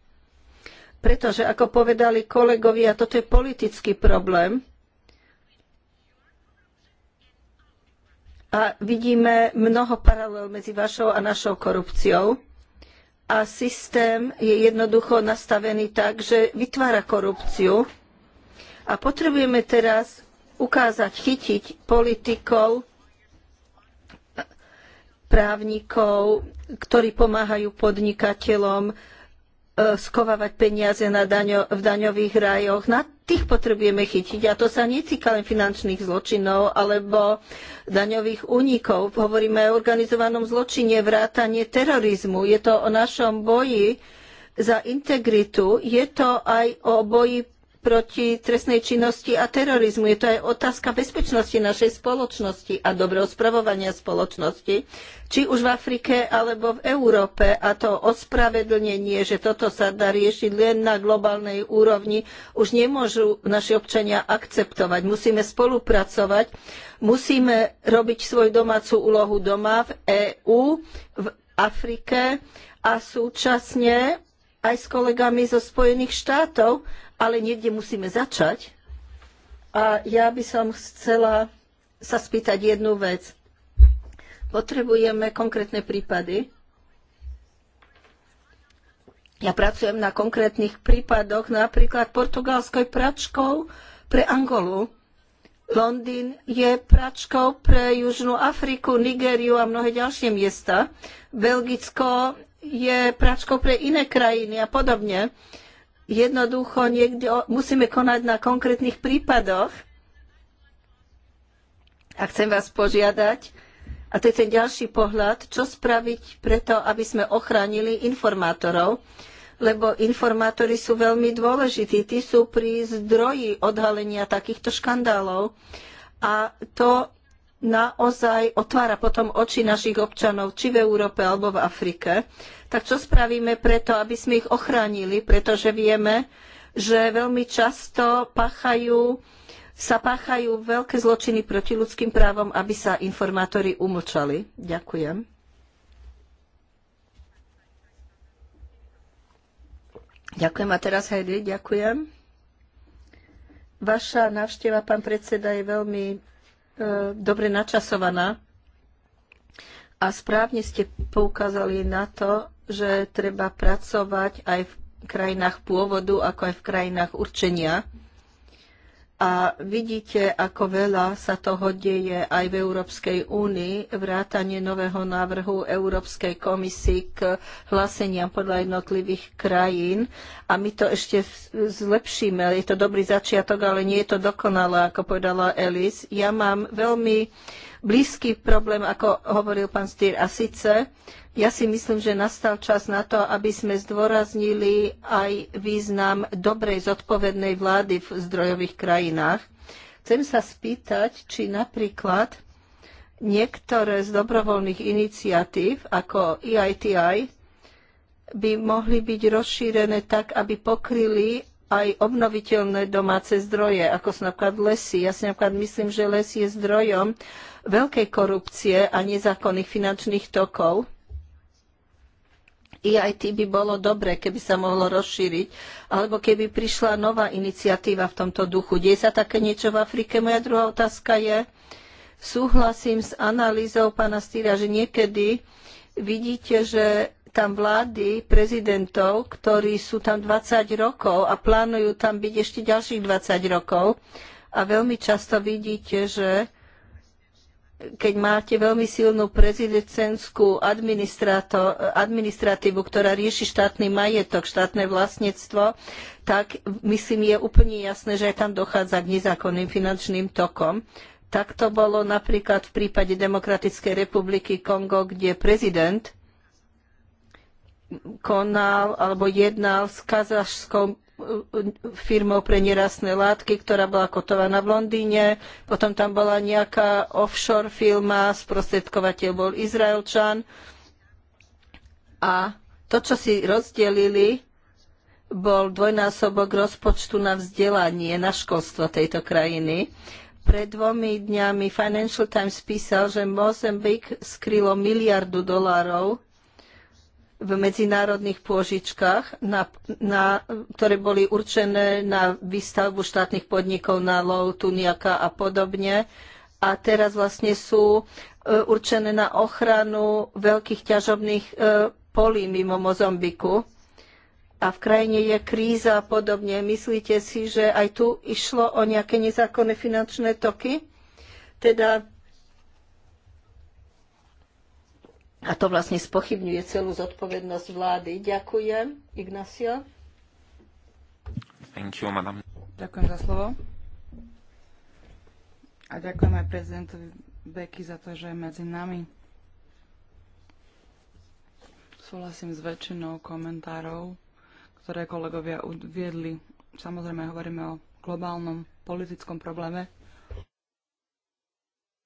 Pretože, ako povedali kolegovia, toto je politický problém. A vidíme mnoho paralel medzi vašou a našou korupciou. A systém je jednoducho nastavený tak, že vytvára korupciu. A potrebujeme teraz ukázať, chytiť politikov, právnikov, ktorí pomáhajú podnikateľom, E, skovávať peniaze na daňo, v daňových rajoch. Na tých potrebujeme chytiť. A to sa netýka len finančných zločinov alebo daňových únikov. Hovoríme o organizovanom zločine, vrátanie terorizmu. Je to o našom boji za integritu. Je to aj o boji proti trestnej činnosti a terorizmu. Je to aj otázka bezpečnosti našej spoločnosti a dobrého spravovania spoločnosti, či už v Afrike alebo v Európe. A to ospravedlnenie, že toto sa dá riešiť len na globálnej úrovni, už nemôžu naši občania akceptovať. Musíme spolupracovať, musíme robiť svoju domácu úlohu doma v EÚ, v Afrike a súčasne aj s kolegami zo Spojených štátov, ale niekde musíme začať. A ja by som chcela sa spýtať jednu vec. Potrebujeme konkrétne prípady. Ja pracujem na konkrétnych prípadoch, napríklad portugalskou pračkou pre Angolu. Londýn je pračkou pre Južnú Afriku, Nigériu a mnohé ďalšie miesta. Belgicko je pračkou pre iné krajiny a podobne. Uh, Jednoducho niekde musíme konať na konkrétnych prípadoch. A chcem vás požiadať, a to je ten ďalší pohľad, čo spraviť preto, aby sme ochránili informátorov, lebo informátori sú veľmi dôležití. Tí sú pri zdroji odhalenia takýchto škandálov. A to naozaj otvára potom oči našich občanov, či v Európe alebo v Afrike. Tak čo spravíme preto, aby sme ich ochránili, pretože vieme, že veľmi často páchajú, sa páchajú veľké zločiny proti ľudským právom, aby sa informátori umlčali. Ďakujem. Ďakujem a teraz Heidi, ďakujem. Vaša návšteva, pán predseda, je veľmi E, dobre načasovaná. A správne ste poukázali na to, že treba pracovať aj v krajinách pôvodu, ako aj v krajinách určenia. A vidíte, ako veľa sa toho deje aj v Európskej únii, vrátanie nového návrhu Európskej komisii k hláseniam podľa jednotlivých krajín. A my to ešte zlepšíme. Je to dobrý začiatok, ale nie je to dokonalé, ako povedala Elis. Ja mám veľmi blízky problém, ako hovoril pán Stýr, a síce, ja si myslím, že nastal čas na to, aby sme zdôraznili aj význam dobrej zodpovednej vlády v zdrojových krajinách. Chcem sa spýtať, či napríklad niektoré z dobrovoľných iniciatív ako EITI by mohli byť rozšírené tak, aby pokryli aj obnoviteľné domáce zdroje, ako sú napríklad lesy. Ja si napríklad myslím, že les je zdrojom veľkej korupcie a nezákonných finančných tokov. EIT by bolo dobre, keby sa mohlo rozšíriť, alebo keby prišla nová iniciatíva v tomto duchu. Deje sa také niečo v Afrike? Moja druhá otázka je, súhlasím s analýzou pána Stýra, že niekedy vidíte, že tam vlády prezidentov, ktorí sú tam 20 rokov a plánujú tam byť ešte ďalších 20 rokov. A veľmi často vidíte, že keď máte veľmi silnú prezidentskú administratívu, ktorá rieši štátny majetok, štátne vlastníctvo, tak myslím je úplne jasné, že aj tam dochádza k nezákonným finančným tokom. Tak to bolo napríklad v prípade Demokratickej republiky Kongo, kde prezident konal alebo jednal s kazašskou firmou pre nerastné látky, ktorá bola kotovaná v Londýne. Potom tam bola nejaká offshore firma, sprostredkovateľ bol Izraelčan. A to, čo si rozdelili, bol dvojnásobok rozpočtu na vzdelanie, na školstvo tejto krajiny. Pred dvomi dňami Financial Times písal, že Mozambik skrylo miliardu dolárov v medzinárodných pôžičkách, na, na, ktoré boli určené na výstavbu štátnych podnikov na lov, tuniaka a podobne. A teraz vlastne sú e, určené na ochranu veľkých ťažobných e, polí mimo Mozambiku. A v krajine je kríza a podobne. Myslíte si, že aj tu išlo o nejaké nezákonné finančné toky? Teda A to vlastne spochybňuje celú zodpovednosť vlády. Ďakujem. Ignacio. Thank you, madam. Ďakujem za slovo. A ďakujem aj prezidentovi Beky za to, že je medzi nami. Súhlasím s väčšinou komentárov, ktoré kolegovia uviedli. Samozrejme hovoríme o globálnom politickom probléme.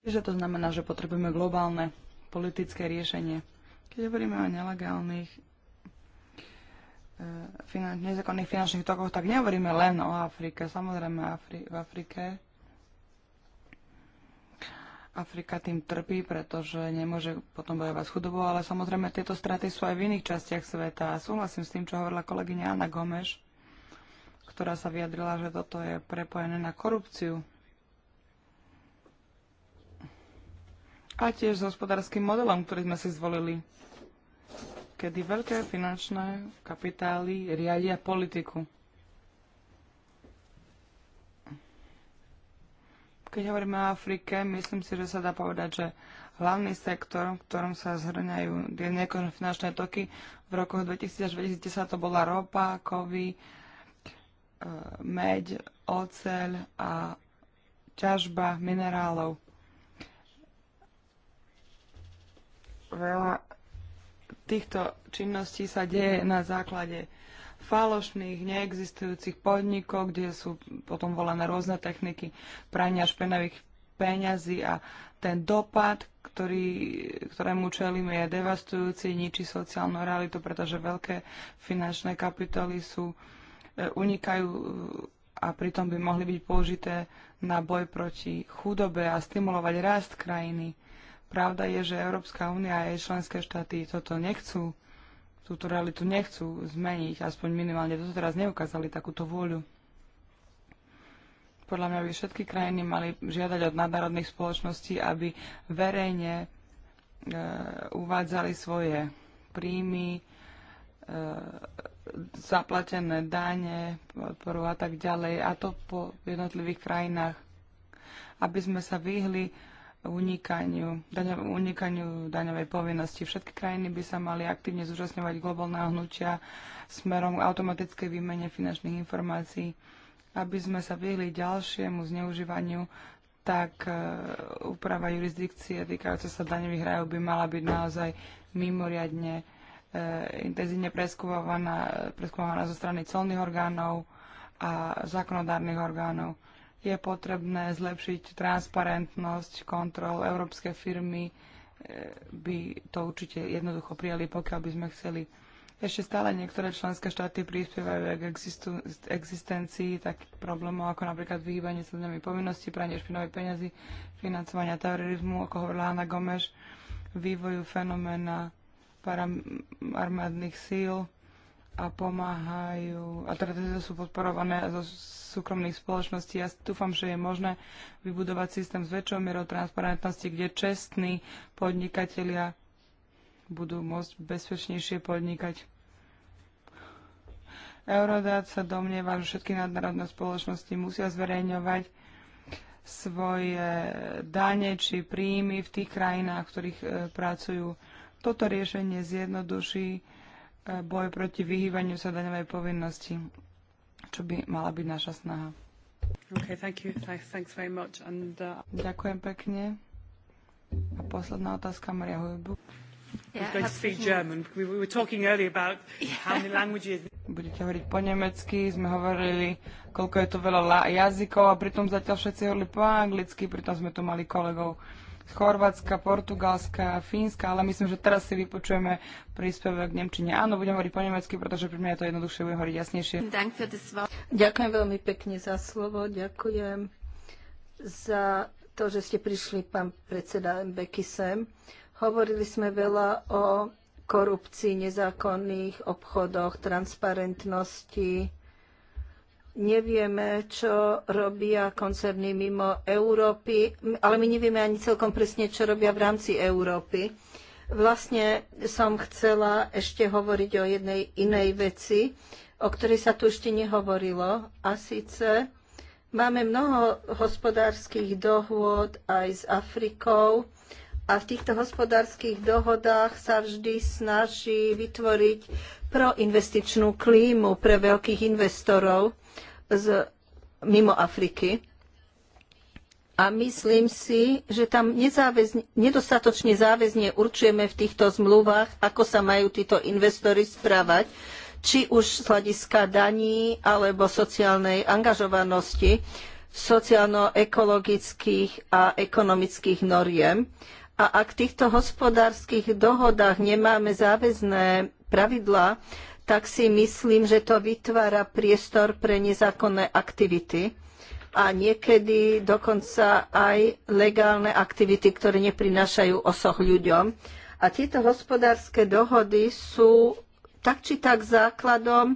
Čiže to znamená, že potrebujeme globálne politické riešenie. Keď hovoríme o nelegálnych e, finan- nezákonných finančných tokoch, tak nehovoríme len o Afrike. Samozrejme, Afri- v Afrike Afrika tým trpí, pretože nemôže potom bojovať s chudobou, ale samozrejme tieto straty sú aj v iných častiach sveta. A súhlasím s tým, čo hovorila kolegyňa Anna Gomeš, ktorá sa vyjadrila, že toto je prepojené na korupciu. a tiež s hospodárským modelom, ktorý sme si zvolili, kedy veľké finančné kapitály riadia politiku. Keď hovoríme o Afrike, myslím si, že sa dá povedať, že hlavný sektor, v ktorom sa zhrňajú niekoľko finančné toky, v rokoch 2000 až 2010 to bola ropa, kovy, e, meď, oceľ a ťažba minerálov. veľa týchto činností sa deje na základe falošných, neexistujúcich podnikov, kde sú potom volené rôzne techniky prania špenavých peňazí a ten dopad, ktorý, ktorému čelíme, je devastujúci, ničí sociálnu realitu, pretože veľké finančné kapitoly sú, e, unikajú a pritom by mohli byť použité na boj proti chudobe a stimulovať rast krajiny. Pravda je, že Európska únia a jej členské štáty toto nechcú, túto realitu nechcú zmeniť, aspoň minimálne to teraz neukázali takúto vôľu. Podľa mňa by všetky krajiny mali žiadať od nadnárodných spoločností, aby verejne e, uvádzali svoje príjmy, e, zaplatené dane, podporu a tak ďalej, a to po jednotlivých krajinách, aby sme sa vyhli unikaniu, daňo, unikaniu daňovej povinnosti. Všetky krajiny by sa mali aktívne zúčastňovať globálneho hnutia smerom k automatickej výmene finančných informácií. Aby sme sa vyhli ďalšiemu zneužívaniu, tak e, úprava jurisdikcie týkajúce sa daňových rajov by mala byť naozaj mimoriadne uh, intenzívne preskúmovaná, e, preskúmovaná zo strany colných orgánov a zákonodárnych orgánov je potrebné zlepšiť transparentnosť kontrol. Európske firmy e, by to určite jednoducho prijali, pokiaľ by sme chceli. Ešte stále niektoré členské štáty prispievajú k existencii takých problémov, ako napríklad vyhýbanie sa povinnosti, pranie špinovej peniazy, financovania terorizmu, ako hovorila Hanna Gomeš, vývoju fenoména armádnych síl, a pomáhajú, a teda tieto sú podporované zo súkromných spoločností. Ja dúfam, že je možné vybudovať systém s väčšou mierou transparentnosti, kde čestní podnikatelia budú môcť bezpečnejšie podnikať. Eurodát sa domnieva, že všetky nadnárodné spoločnosti musia zverejňovať svoje dane či príjmy v tých krajinách, v ktorých e, pracujú. Toto riešenie zjednoduší E, boj proti vyhýbaniu sa daňovej povinnosti, čo by mala byť naša snaha. Okay, thank you. Thanks very much. And, uh... Ďakujem pekne. A posledná otázka, Maria Hojbu. Yeah, Budete hovoriť po nemecky, sme hovorili, koľko je to veľa jazykov a pritom zatiaľ všetci hovorili po anglicky, pritom sme tu mali kolegov uh, Chorvátska, Portugalska, Fínska, ale myslím, že teraz si vypočujeme príspevok k Nemčine. Áno, budem hovoriť po nemecky, pretože pre mňa je to jednoduchšie, budem hovoriť jasnejšie. Ďakujem veľmi pekne za slovo, ďakujem za to, že ste prišli, pán predseda Mbeky sem. Hovorili sme veľa o korupcii, nezákonných obchodoch, transparentnosti, nevieme, čo robia koncerny mimo Európy, ale my nevieme ani celkom presne, čo robia v rámci Európy. Vlastne som chcela ešte hovoriť o jednej inej veci, o ktorej sa tu ešte nehovorilo. A síce máme mnoho hospodárskych dohôd aj s Afrikou a v týchto hospodárskych dohodách sa vždy snaží vytvoriť proinvestičnú klímu pre veľkých investorov z, mimo Afriky. A myslím si, že tam nezáväzne, nedostatočne záväzne určujeme v týchto zmluvách, ako sa majú títo investori správať, či už z hľadiska daní alebo sociálnej angažovanosti, sociálno-ekologických a ekonomických noriem. A ak v týchto hospodárskych dohodách nemáme záväzné pravidlá, tak si myslím, že to vytvára priestor pre nezákonné aktivity a niekedy dokonca aj legálne aktivity, ktoré neprinášajú osoch ľuďom. A tieto hospodárske dohody sú tak či tak základom e,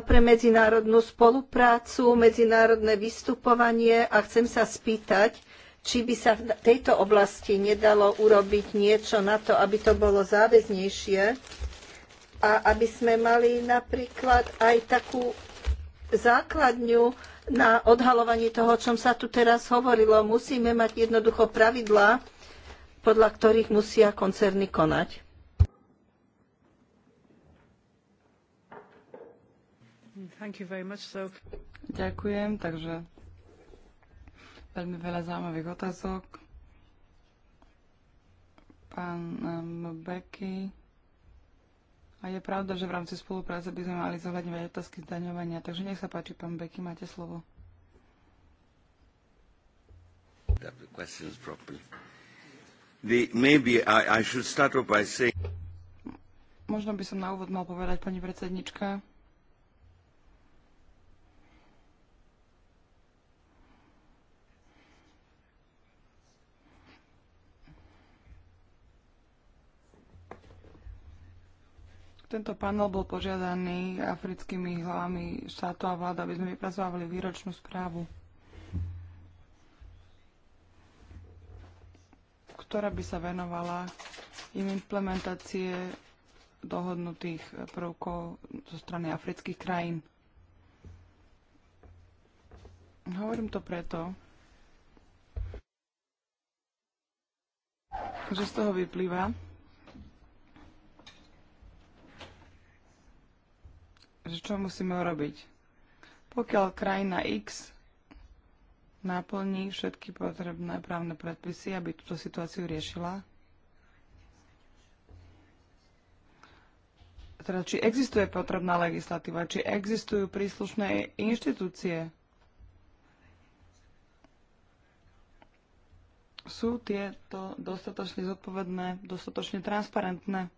pre medzinárodnú spoluprácu, medzinárodné vystupovanie a chcem sa spýtať, či by sa v tejto oblasti nedalo urobiť niečo na to, aby to bolo záväznejšie a aby sme mali napríklad aj takú základňu na odhalovanie toho, o čom sa tu teraz hovorilo. Musíme mať jednoducho pravidlá, podľa ktorých musia koncerny konať. So... Ďakujem, takže veľmi veľa zaujímavých otázok. Pán um, Becky. A je pravda, že v rámci spolupráce by sme mali zohľadňovať otázky zdaňovania. Takže nech sa páči, pán Beky, máte slovo. Možno by som na úvod mal povedať, pani predsednička, Tento panel bol požiadaný africkými hlavami štátu a vláda, aby sme vypracovali výročnú správu, ktorá by sa venovala im implementácie dohodnutých prvkov zo strany afrických krajín. Hovorím to preto, že z toho vyplýva, že čo musíme urobiť. Pokiaľ krajina X naplní všetky potrebné právne predpisy, aby túto situáciu riešila, teda či existuje potrebná legislatíva, či existujú príslušné inštitúcie, sú tieto dostatočne zodpovedné, dostatočne transparentné.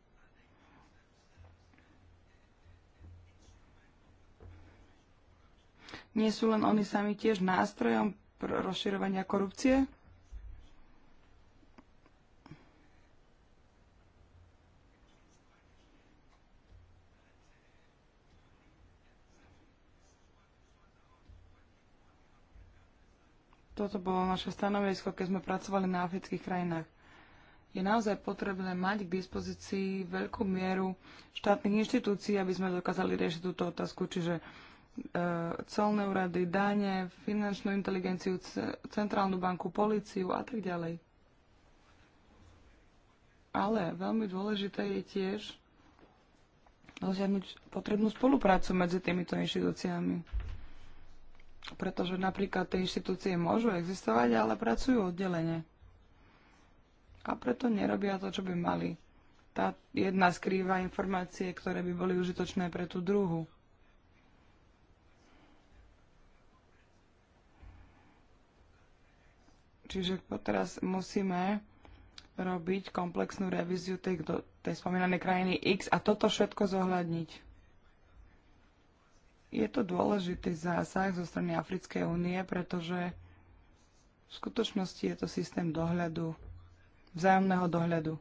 Nie sú len oni sami tiež nástrojom rozširovania korupcie? Toto bolo naše stanovisko, keď sme pracovali na afrických krajinách. Je naozaj potrebné mať k dispozícii veľkú mieru štátnych inštitúcií, aby sme dokázali riešiť túto otázku. Čiže E, colné úrady, dáne, finančnú inteligenciu, centrálnu banku, políciu a tak ďalej. Ale veľmi dôležité je tiež dosiahnuť potrebnú spoluprácu medzi týmito inštitúciami. Pretože napríklad tie inštitúcie môžu existovať, ale pracujú oddelenie. A preto nerobia to, čo by mali. Tá jedna skrýva informácie, ktoré by boli užitočné pre tú druhú. Čiže teraz musíme robiť komplexnú revíziu tej, tej spomínanej krajiny X a toto všetko zohľadniť. Je to dôležitý zásah zo strany Africkej únie, pretože v skutočnosti je to systém dohľadu, vzájomného dohľadu.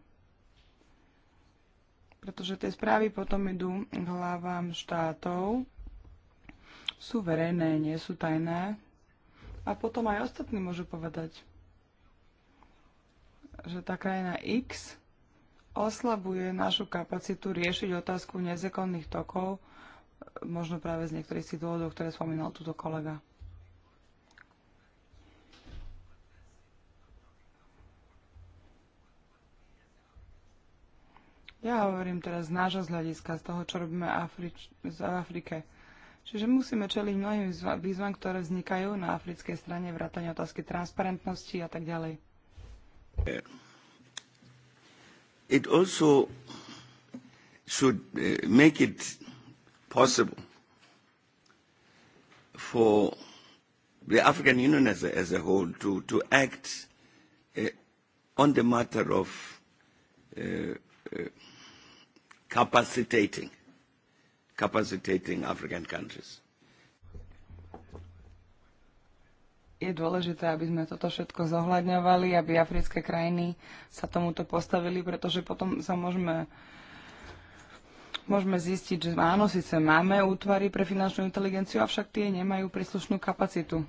Pretože tie správy potom idú hlavám štátov, sú verejné, nie sú tajné. A potom aj ostatní môžu povedať že tá krajina X oslabuje našu kapacitu riešiť otázku nezekonných tokov, možno práve z niektorých tých dôvodov, ktoré spomínal túto kolega. Ja hovorím teraz z nášho z hľadiska, z toho, čo robíme Afrič- v Afrike. Čiže musíme čeliť mnohým výzvam, ktoré vznikajú na africkej strane, vrátane otázky transparentnosti a tak ďalej. Uh, it also should uh, make it possible for the African Union as a, as a whole to, to act uh, on the matter of uh, uh, capacitating, capacitating African countries je dôležité, aby sme toto všetko zohľadňovali, aby africké krajiny sa tomuto postavili, pretože potom sa môžeme môžeme zistiť, že áno, síce máme útvary pre finančnú inteligenciu, avšak tie nemajú príslušnú kapacitu.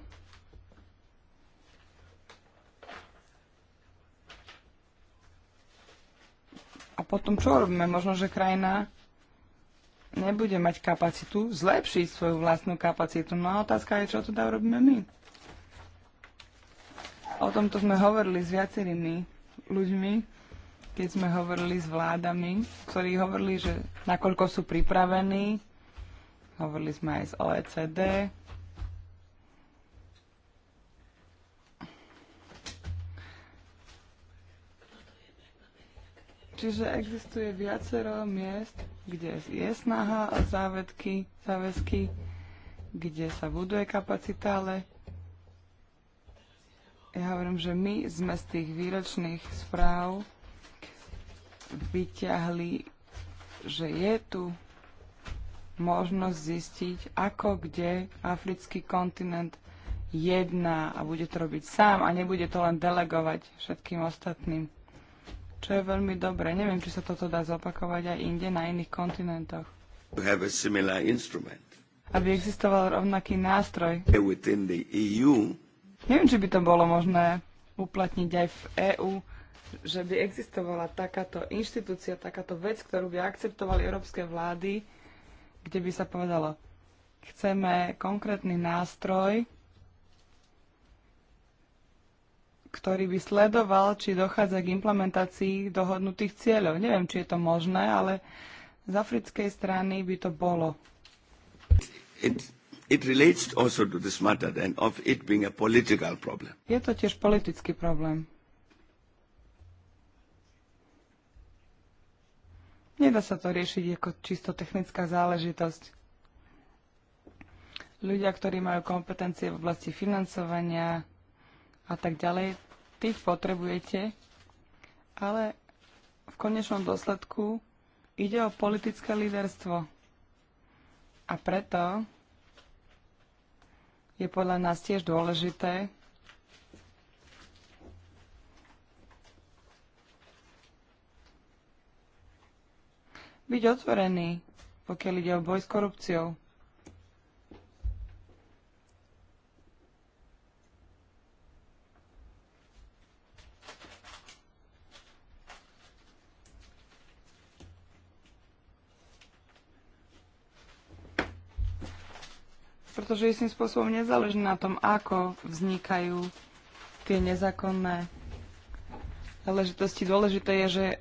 A potom čo robíme? Možno, že krajina nebude mať kapacitu zlepšiť svoju vlastnú kapacitu. No a otázka je, čo teda urobíme my. O tomto sme hovorili s viacerými ľuďmi, keď sme hovorili s vládami, ktorí hovorili, že nakoľko sú pripravení. Hovorili sme aj z OECD. Čiže existuje viacero miest, kde je snaha o záväzky, záväzky, kde sa buduje kapacita, ale ja hovorím, že my sme z tých výročných správ vyťahli, že je tu možnosť zistiť, ako kde africký kontinent jedná a bude to robiť sám a nebude to len delegovať všetkým ostatným. Čo je veľmi dobré. Neviem, či sa toto dá zopakovať aj inde na iných kontinentoch. Aby existoval rovnaký nástroj. EU Neviem, či by to bolo možné uplatniť aj v EÚ, že by existovala takáto inštitúcia, takáto vec, ktorú by akceptovali európske vlády, kde by sa povedalo, chceme konkrétny nástroj, ktorý by sledoval, či dochádza k implementácii dohodnutých cieľov. Neviem, či je to možné, ale z africkej strany by to bolo. It, It relates also to this matter then of it being a political problem. Je to tiež politický problém. Nedá sa to riešiť ako čisto technická záležitosť. Ľudia, ktorí majú kompetencie v oblasti financovania a tak ďalej, tých potrebujete, ale v konečnom dôsledku ide o politické líderstvo. A preto je podľa nás tiež dôležité, byť otvorený, pokiaľ ide o boj s korupciou. pretože istým spôsobom nezáleží na tom, ako vznikajú tie nezákonné záležitosti. Dôležité je, že e,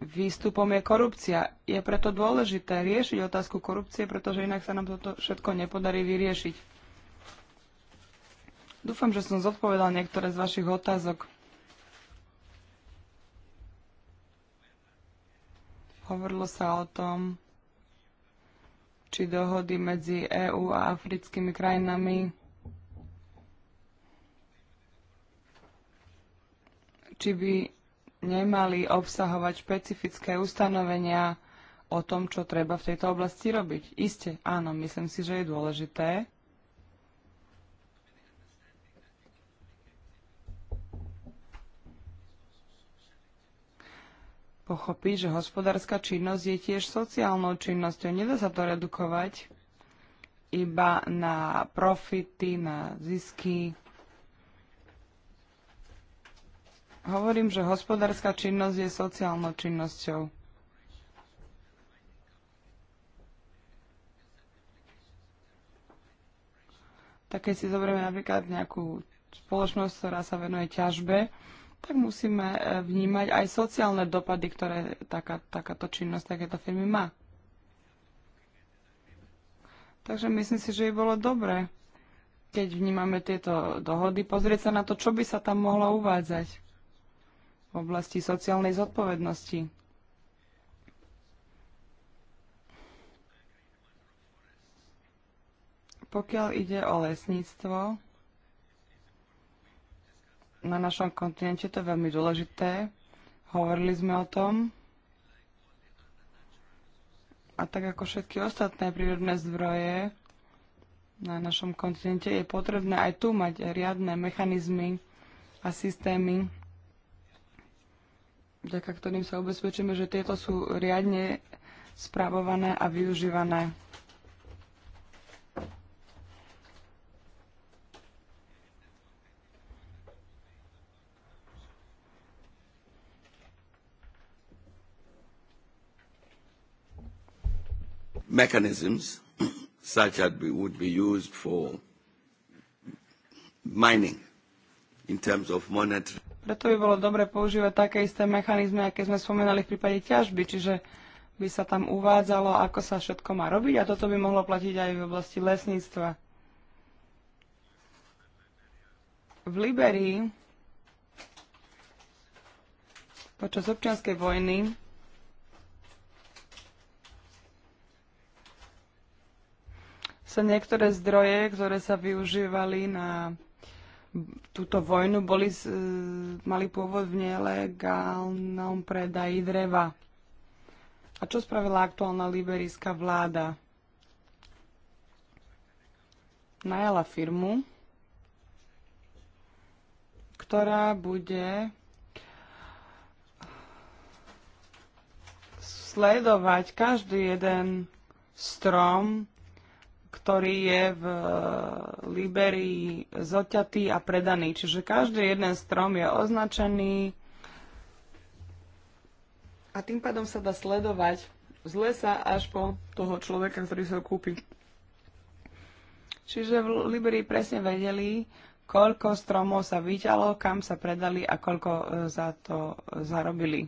výstupom je korupcia. Je preto dôležité riešiť otázku korupcie, pretože inak sa nám toto všetko nepodarí vyriešiť. Dúfam, že som zodpovedal niektoré z vašich otázok. Hovorilo sa o tom, či dohody medzi EÚ a africkými krajinami či by nemali obsahovať špecifické ustanovenia o tom, čo treba v tejto oblasti robiť. Isté, áno, myslím si, že je dôležité, pochopí, že hospodárska činnosť je tiež sociálnou činnosťou. Nedá sa to redukovať iba na profity, na zisky. Hovorím, že hospodárska činnosť je sociálnou činnosťou. Tak keď si zoberieme napríklad nejakú spoločnosť, ktorá sa venuje ťažbe, tak musíme e, vnímať aj sociálne dopady, ktoré taká, takáto činnosť takéto firmy má. Takže myslím si, že by bolo dobré, keď vnímame tieto dohody, pozrieť sa na to, čo by sa tam mohlo uvádzať v oblasti sociálnej zodpovednosti. Pokiaľ ide o lesníctvo, na našom kontinente to je veľmi dôležité. Hovorili sme o tom. A tak ako všetky ostatné prírodné zdroje na našom kontinente je potrebné aj tu mať riadne mechanizmy a systémy, vďaka ktorým sa ubezpečíme, že tieto sú riadne spravované a využívané. mechanisms such as would be used for mining in terms of monetary. Preto by bolo dobre používať také isté mechanizmy, aké sme spomenali v prípade ťažby, čiže by sa tam uvádzalo, ako sa všetko má robiť a toto by mohlo platiť aj v oblasti lesníctva. V Liberii počas občianskej vojny sa niektoré zdroje, ktoré sa využívali na túto vojnu, boli, e, mali pôvod v nelegálnom predaji dreva. A čo spravila aktuálna liberijská vláda? Najala firmu, ktorá bude sledovať každý jeden strom ktorý je v eh, Liberii zoťatý a predaný. Čiže každý jeden strom je označený a tým pádom sa dá sledovať z lesa až po toho človeka, ktorý sa ho kúpi. Čiže v Liberii presne vedeli, koľko stromov sa vyťalo, kam sa predali a koľko eh, za to eh, zarobili.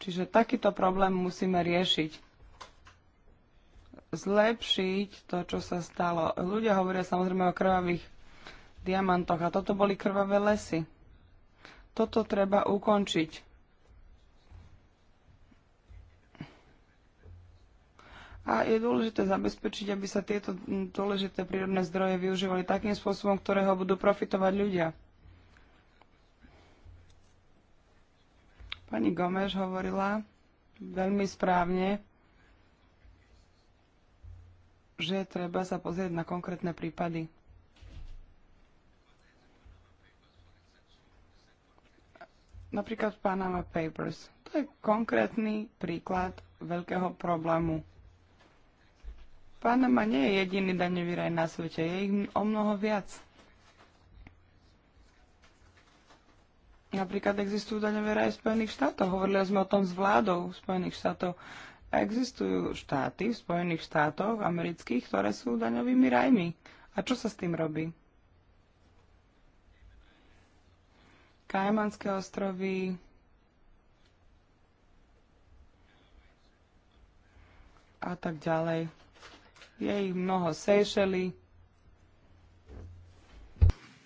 Čiže takýto problém musíme riešiť zlepšiť to, čo sa stalo. Ľudia hovoria samozrejme o krvavých diamantoch a toto boli krvavé lesy. Toto treba ukončiť. A je dôležité zabezpečiť, aby sa tieto dôležité prírodné zdroje využívali takým spôsobom, ktorého budú profitovať ľudia. Pani Gomeš hovorila veľmi správne že treba sa pozrieť na konkrétne prípady. Napríklad Panama Papers. To je konkrétny príklad veľkého problému. Panama nie je jediný daňový raj na svete, je ich o mnoho viac. Napríklad existujú daňové raje Spojených štátov. Hovorili sme o tom s vládou Spojených štátov. Existujú štáty v Spojených štátoch amerických, ktoré sú daňovými rajmi. A čo sa s tým robí? Kajmanské ostrovy, a tak ďalej. Je ich mnoho Seychely.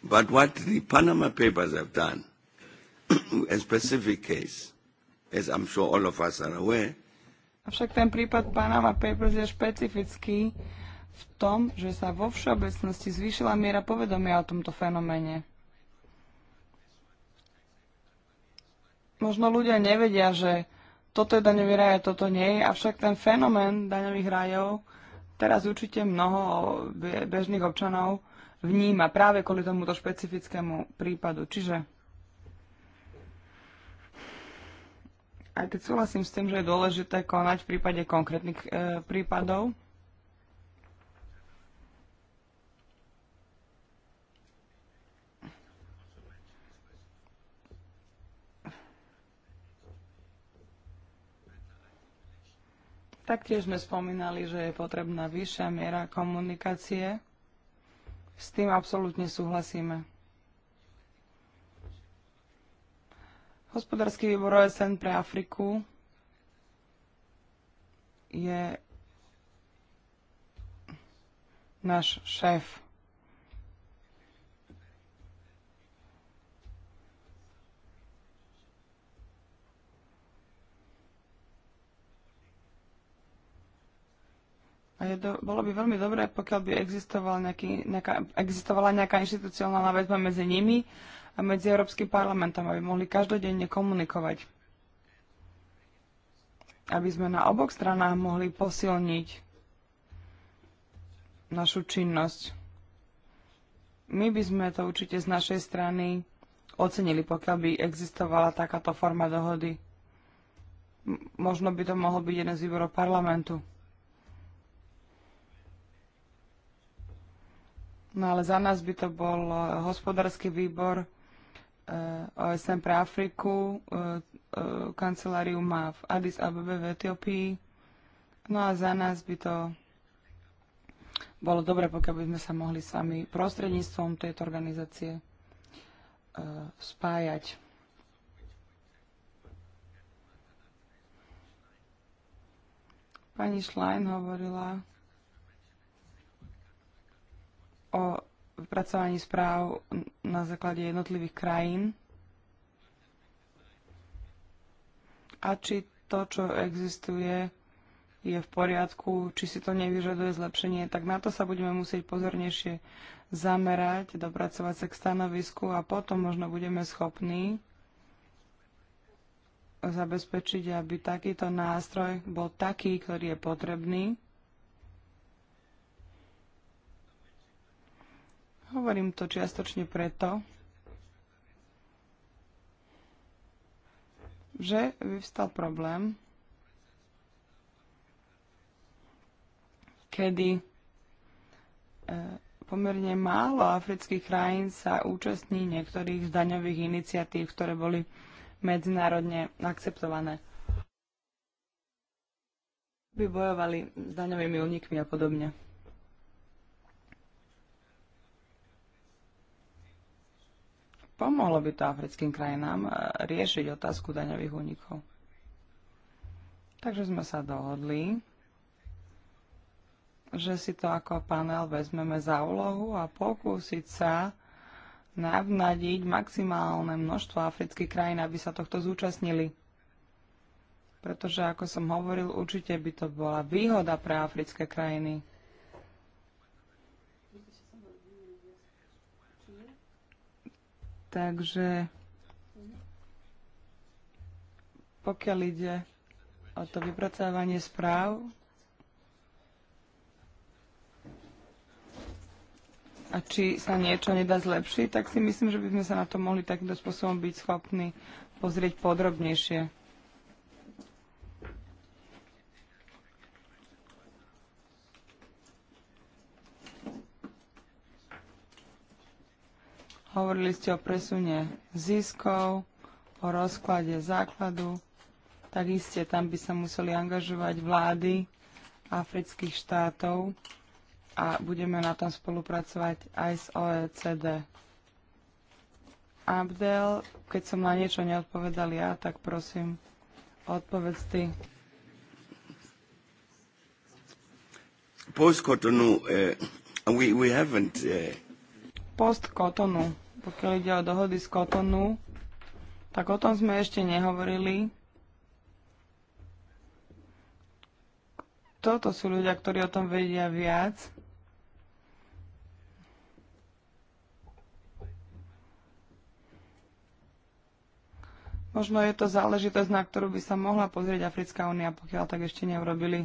But what the Panama Papers have done, a specific case, as I'm sure all of us are aware, Avšak ten prípad Panama Papers je špecifický v tom, že sa vo všeobecnosti zvýšila miera povedomia o tomto fenoméne. Možno ľudia nevedia, že toto je daňový raj a toto nie je, avšak ten fenomén daňových rajov teraz určite mnoho bežných občanov vníma práve kvôli tomuto špecifickému prípadu. Čiže aj keď súhlasím s tým, že je dôležité konať v prípade konkrétnych e, prípadov, Taktiež sme spomínali, že je potrebná vyššia miera komunikácie. S tým absolútne súhlasíme. Hospodársky výbor OSN pre Afriku je náš šéf. A je do, bolo by veľmi dobré, pokiaľ by existoval nejaký, nejaká, existovala nejaká inštitucionálna väzba medzi nimi a medzi Európskym parlamentom, aby mohli každodenne komunikovať. Aby sme na oboch stranách mohli posilniť našu činnosť. My by sme to určite z našej strany ocenili, pokiaľ by existovala takáto forma dohody. Možno by to mohol byť jeden z výborov parlamentu. No ale za nás by to bol eh, hospodársky výbor, Eh, OSN pre Afriku, eh, eh, kanceláriu má v Addis Abebe v Etiópii. No a za nás by to bolo dobre, pokiaľ by sme sa mohli s vami prostredníctvom tejto organizácie spájať. Pani Schlein hovorila o vypracovaní správ na základe jednotlivých krajín a či to, čo existuje, je v poriadku, či si to nevyžaduje zlepšenie, tak na to sa budeme musieť pozornejšie zamerať, dopracovať sa k stanovisku a potom možno budeme schopní zabezpečiť, aby takýto nástroj bol taký, ktorý je potrebný Hovorím to čiastočne preto, že vyvstal problém, kedy e, pomerne málo afrických krajín sa účastní niektorých z daňových iniciatív, ktoré boli medzinárodne akceptované. By bojovali s daňovými únikmi a podobne. Pomohlo by to africkým krajinám eh, riešiť otázku daňových únikov. Takže sme sa dohodli, že si to ako panel vezmeme za úlohu a pokúsiť sa navnadiť maximálne množstvo afrických krajín, aby sa tohto zúčastnili. Pretože, ako som hovoril, určite by to bola výhoda pre africké krajiny. Takže pokiaľ ide o to vypracávanie správ, a či sa niečo nedá zlepšiť, tak si myslím, že by sme sa na to mohli takýmto spôsobom byť schopní pozrieť podrobnejšie. Hovorili ste o presune ziskov, o rozklade základu. Tak iste tam by sa museli angažovať vlády afrických štátov a budeme na tom spolupracovať aj s OECD. Abdel, keď som na niečo neodpovedal ja, tak prosím, odpovedz ty. Post-Cotonou, uh, we, we haven't... Uh... Post-Cotonou pokiaľ ide o dohody z Kotonu, tak o tom sme ešte nehovorili. Toto sú ľudia, ktorí o tom vedia viac. Možno je to záležitosť, na ktorú by sa mohla pozrieť Africká únia, pokiaľ tak ešte neurobili.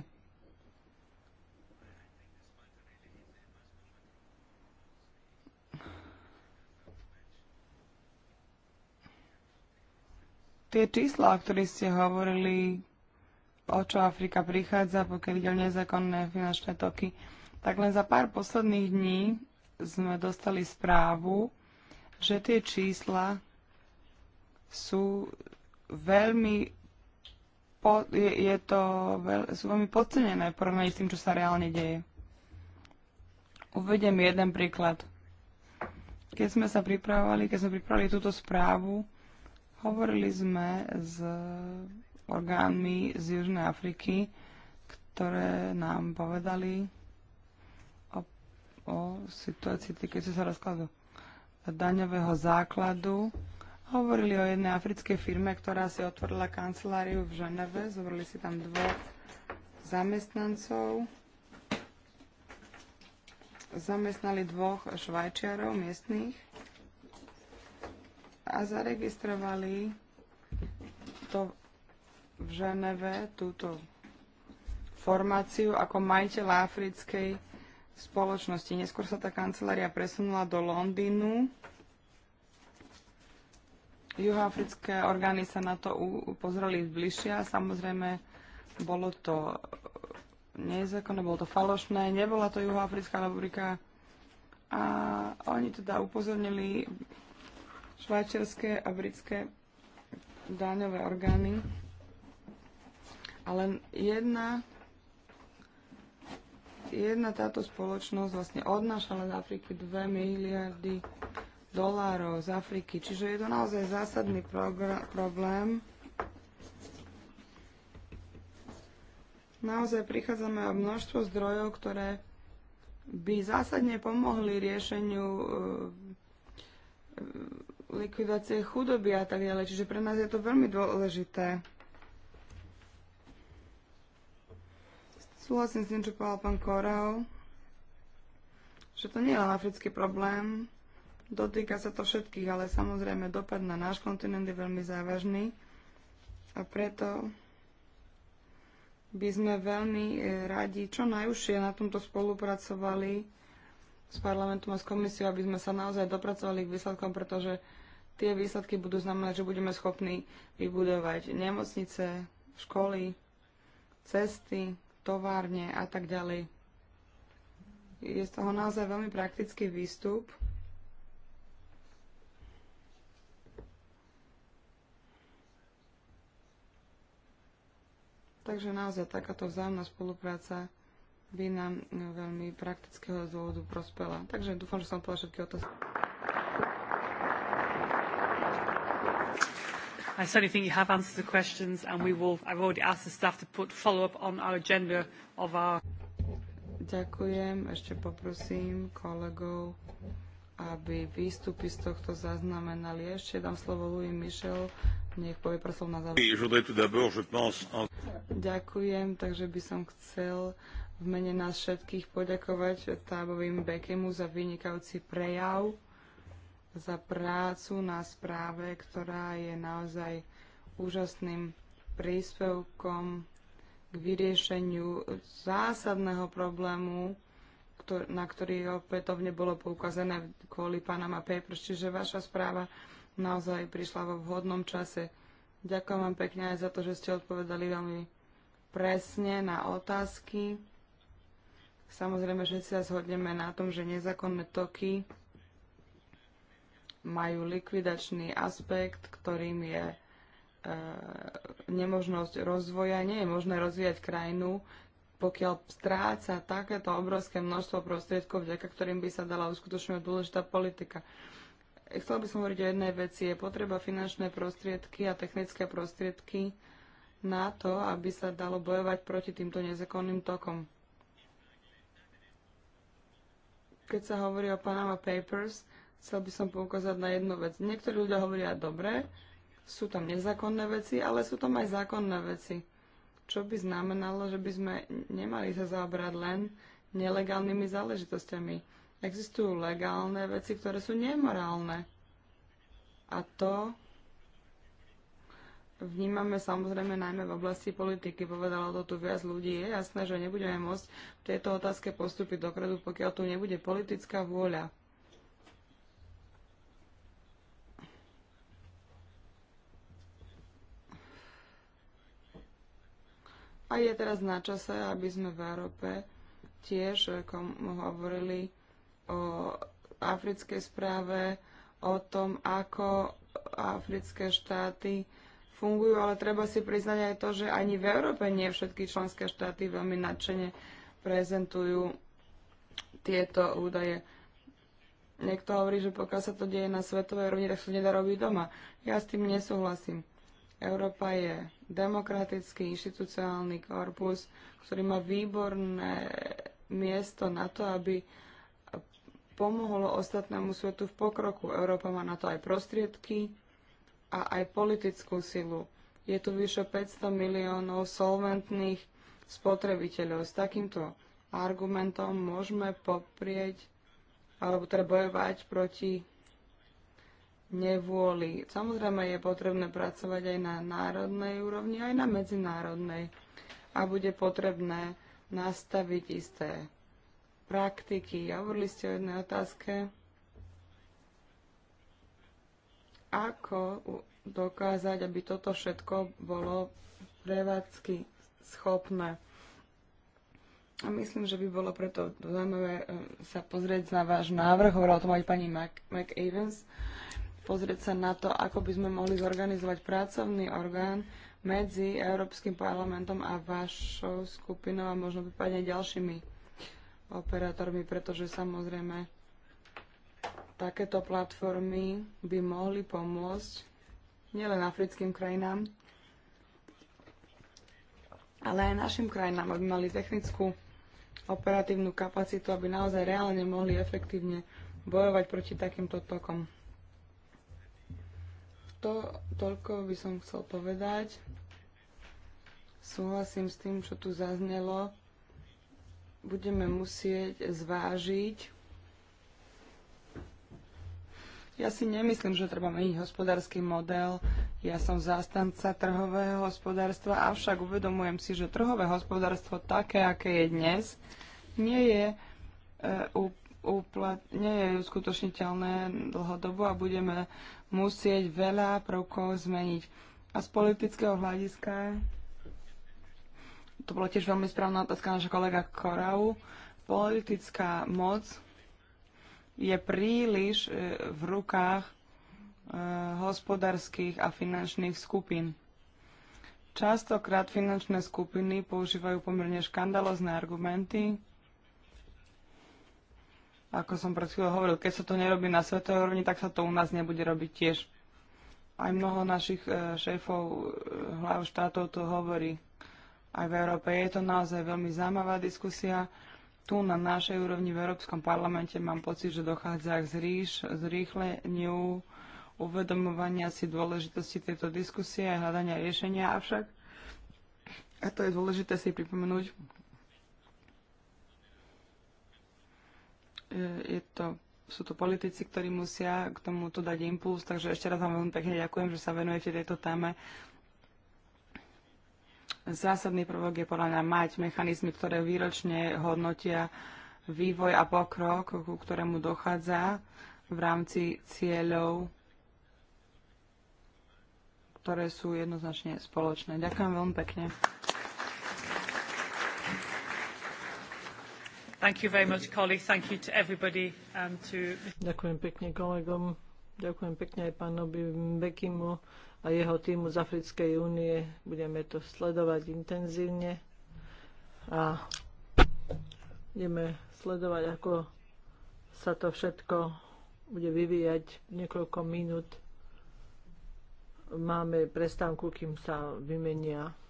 Tie čísla, o ktorých ste hovorili, o čo Afrika prichádza, pokiaľ ide o nezákonné finančné toky, tak len za pár posledných dní sme dostali správu, že tie čísla sú veľmi po, je, je to veľ, sú veľmi podcenené v porovnaní s tým, čo sa reálne deje. Uvediem jeden príklad. Keď sme sa pripravovali, keď sme pripravili túto správu, Hovorili sme s orgánmi z Južnej Afriky, ktoré nám povedali o, o situácii týkajúcej sa rozkladu daňového základu. Hovorili o jednej africkej firme, ktorá si otvorila kanceláriu v Ženeve. Zobrali si tam dvoch zamestnancov. Zamestnali dvoch švajčiarov miestných a zaregistrovali to v Ženeve, túto formáciu ako majiteľ africkej spoločnosti. Neskôr sa tá kancelária presunula do Londýnu. Juhoafrické orgány sa na to pozreli bližšia. Samozrejme, bolo to nezákonné, bolo to falošné, nebola to Juhoafrická republika. A oni teda upozornili švajčiarske a britské daňové orgány. Ale jedna, jedna táto spoločnosť vlastne odnášala z Afriky 2 miliardy dolárov z Afriky. Čiže je to naozaj zásadný problém. Naozaj prichádzame o množstvo zdrojov, ktoré by zásadne pomohli riešeniu e, e, likvidácie chudoby a tak ďalej. Čiže pre nás je to veľmi dôležité. Súhlasím s tým, čo povedal pán Korau, že to nie je len africký problém, dotýka sa to všetkých, ale samozrejme dopad na náš kontinent je veľmi závažný a preto by sme veľmi e, radi čo najúžšie na tomto spolupracovali s parlamentom a s komisiou, aby sme sa naozaj dopracovali k výsledkom, pretože tie výsledky budú znamenať, že budeme schopní vybudovať nemocnice, školy, cesty, továrne a tak ďalej. Je z toho naozaj veľmi praktický výstup. Takže naozaj takáto vzájomná spolupráca by nám veľmi praktického dôvodu prospela. Takže dúfam, že som povedal všetky otázky. I certainly think you have answered the questions and we will, I've already asked the staff to put follow-up on our agenda of our... Ďakujem, ešte poprosím kolegov, aby výstupy z tohto zaznamenali. Ešte dám slovo Louis Michel, nech povie prosím na záver. Ďakujem, takže by som chcel v mene nás všetkých poďakovať tábovým Bekemu za vynikajúci prejav za prácu na správe, ktorá je naozaj úžasným príspevkom k vyriešeniu zásadného problému, na ktorý opätovne bolo poukazené kvôli Panama Papers, čiže vaša správa naozaj prišla vo vhodnom čase. Ďakujem vám pekne aj za to, že ste odpovedali veľmi presne na otázky. Samozrejme, že sa zhodneme na tom, že nezákonné toky majú likvidačný aspekt, ktorým je e, nemožnosť rozvoja. Nie je možné rozvíjať krajinu, pokiaľ stráca takéto obrovské množstvo prostriedkov, vďaka ktorým by sa dala uskutočňovať dôležitá politika. Chcel by som hovoriť o jednej veci. Je potreba finančné prostriedky a technické prostriedky na to, aby sa dalo bojovať proti týmto nezakonným tokom. Keď sa hovorí o Panama Papers, Chcel by som poukázať na jednu vec. Niektorí ľudia hovoria, dobre, sú tam nezákonné veci, ale sú tam aj zákonné veci. Čo by znamenalo, že by sme nemali sa zaobrať len nelegálnymi záležitosťami. Existujú legálne veci, ktoré sú nemorálne. A to vnímame samozrejme najmä v oblasti politiky. Povedalo to tu viac ľudí. Je jasné, že nebudeme môcť v tejto otázke postúpiť dopredu, pokiaľ tu nebude politická vôľa. A je teraz na čase, aby sme v Európe tiež eh, hovorili o africkej správe, o tom, ako africké štáty fungujú, ale treba si priznať aj to, že ani v Európe nie všetky členské štáty veľmi nadšene prezentujú tieto údaje. Niekto hovorí, že pokiaľ sa to deje na svetovej rovni, tak sa nedá robiť doma. Ja s tým nesúhlasím. Európa je demokratický inštitucionálny korpus, ktorý má výborné miesto na to, aby pomohlo ostatnému svetu v pokroku. Európa má na to aj prostriedky a aj politickú silu. Je tu vyše 500 miliónov solventných spotrebiteľov. S takýmto argumentom môžeme poprieť alebo teda bojovať proti nevôli. Samozrejme je potrebné pracovať aj na národnej úrovni, aj na medzinárodnej. A bude potrebné nastaviť isté praktiky. Hovorili ste o jednej otázke. Ako dokázať, aby toto všetko bolo prevádzky schopné? A myslím, že by bolo preto zaujímavé eh, sa pozrieť na váš návrh. Hovorila o tom aj pani McEvans. Mac pozrieť sa na to, ako by sme mohli zorganizovať pracovný orgán medzi Európskym parlamentom a vašou skupinou a možno prípadne ďalšími operátormi, pretože samozrejme takéto platformy by mohli pomôcť nielen africkým krajinám, ale aj našim krajinám, aby mali technickú operatívnu kapacitu, aby naozaj reálne mohli efektívne bojovať proti takýmto tokom. To toľko by som chcel povedať. Súhlasím s tým, čo tu zaznelo. Budeme musieť zvážiť. Ja si nemyslím, že treba meniť hospodársky model. Ja som zástanca trhového hospodárstva, avšak uvedomujem si, že trhové hospodárstvo také, aké je dnes, nie je e, uplat- nie je skutočniteľné dlhodobo a budeme musieť veľa prvkov zmeniť. A z politického hľadiska, to bola tiež veľmi správna otázka naša kolega Korau, politická moc je príliš e, v rukách e, hospodárskych a finančných skupín. Častokrát finančné skupiny používajú pomerne škandalozné argumenty, ako som pred chvíľou hovoril, keď sa to nerobí na svetovej úrovni, tak sa to u nás nebude robiť tiež. Aj mnoho našich e, šéfov e, hlav štátov to hovorí. Aj v Európe je to naozaj veľmi zaujímavá diskusia. Tu na našej úrovni v Európskom parlamente mám pocit, že dochádza k zríš, zrýchleniu uvedomovania si dôležitosti tejto diskusie a hľadania riešenia, avšak a to je dôležité si pripomenúť, je to, sú to politici, ktorí musia k tomu to dať impuls, takže ešte raz vám veľmi pekne ďakujem, že sa venujete tejto téme. Zásadný prvok je podľa mňa mať mechanizmy, ktoré výročne hodnotia vývoj a pokrok, ku ktorému dochádza v rámci cieľov, ktoré sú jednoznačne spoločné. Ďakujem veľmi pekne. Um, ďakujem pekne kolegom, ďakujem pekne aj pánovi Bekimu a jeho týmu z Africkej únie. Budeme to sledovať intenzívne a budeme sledovať, ako sa to všetko bude vyvíjať niekoľko minút. Máme prestávku, kým sa vymenia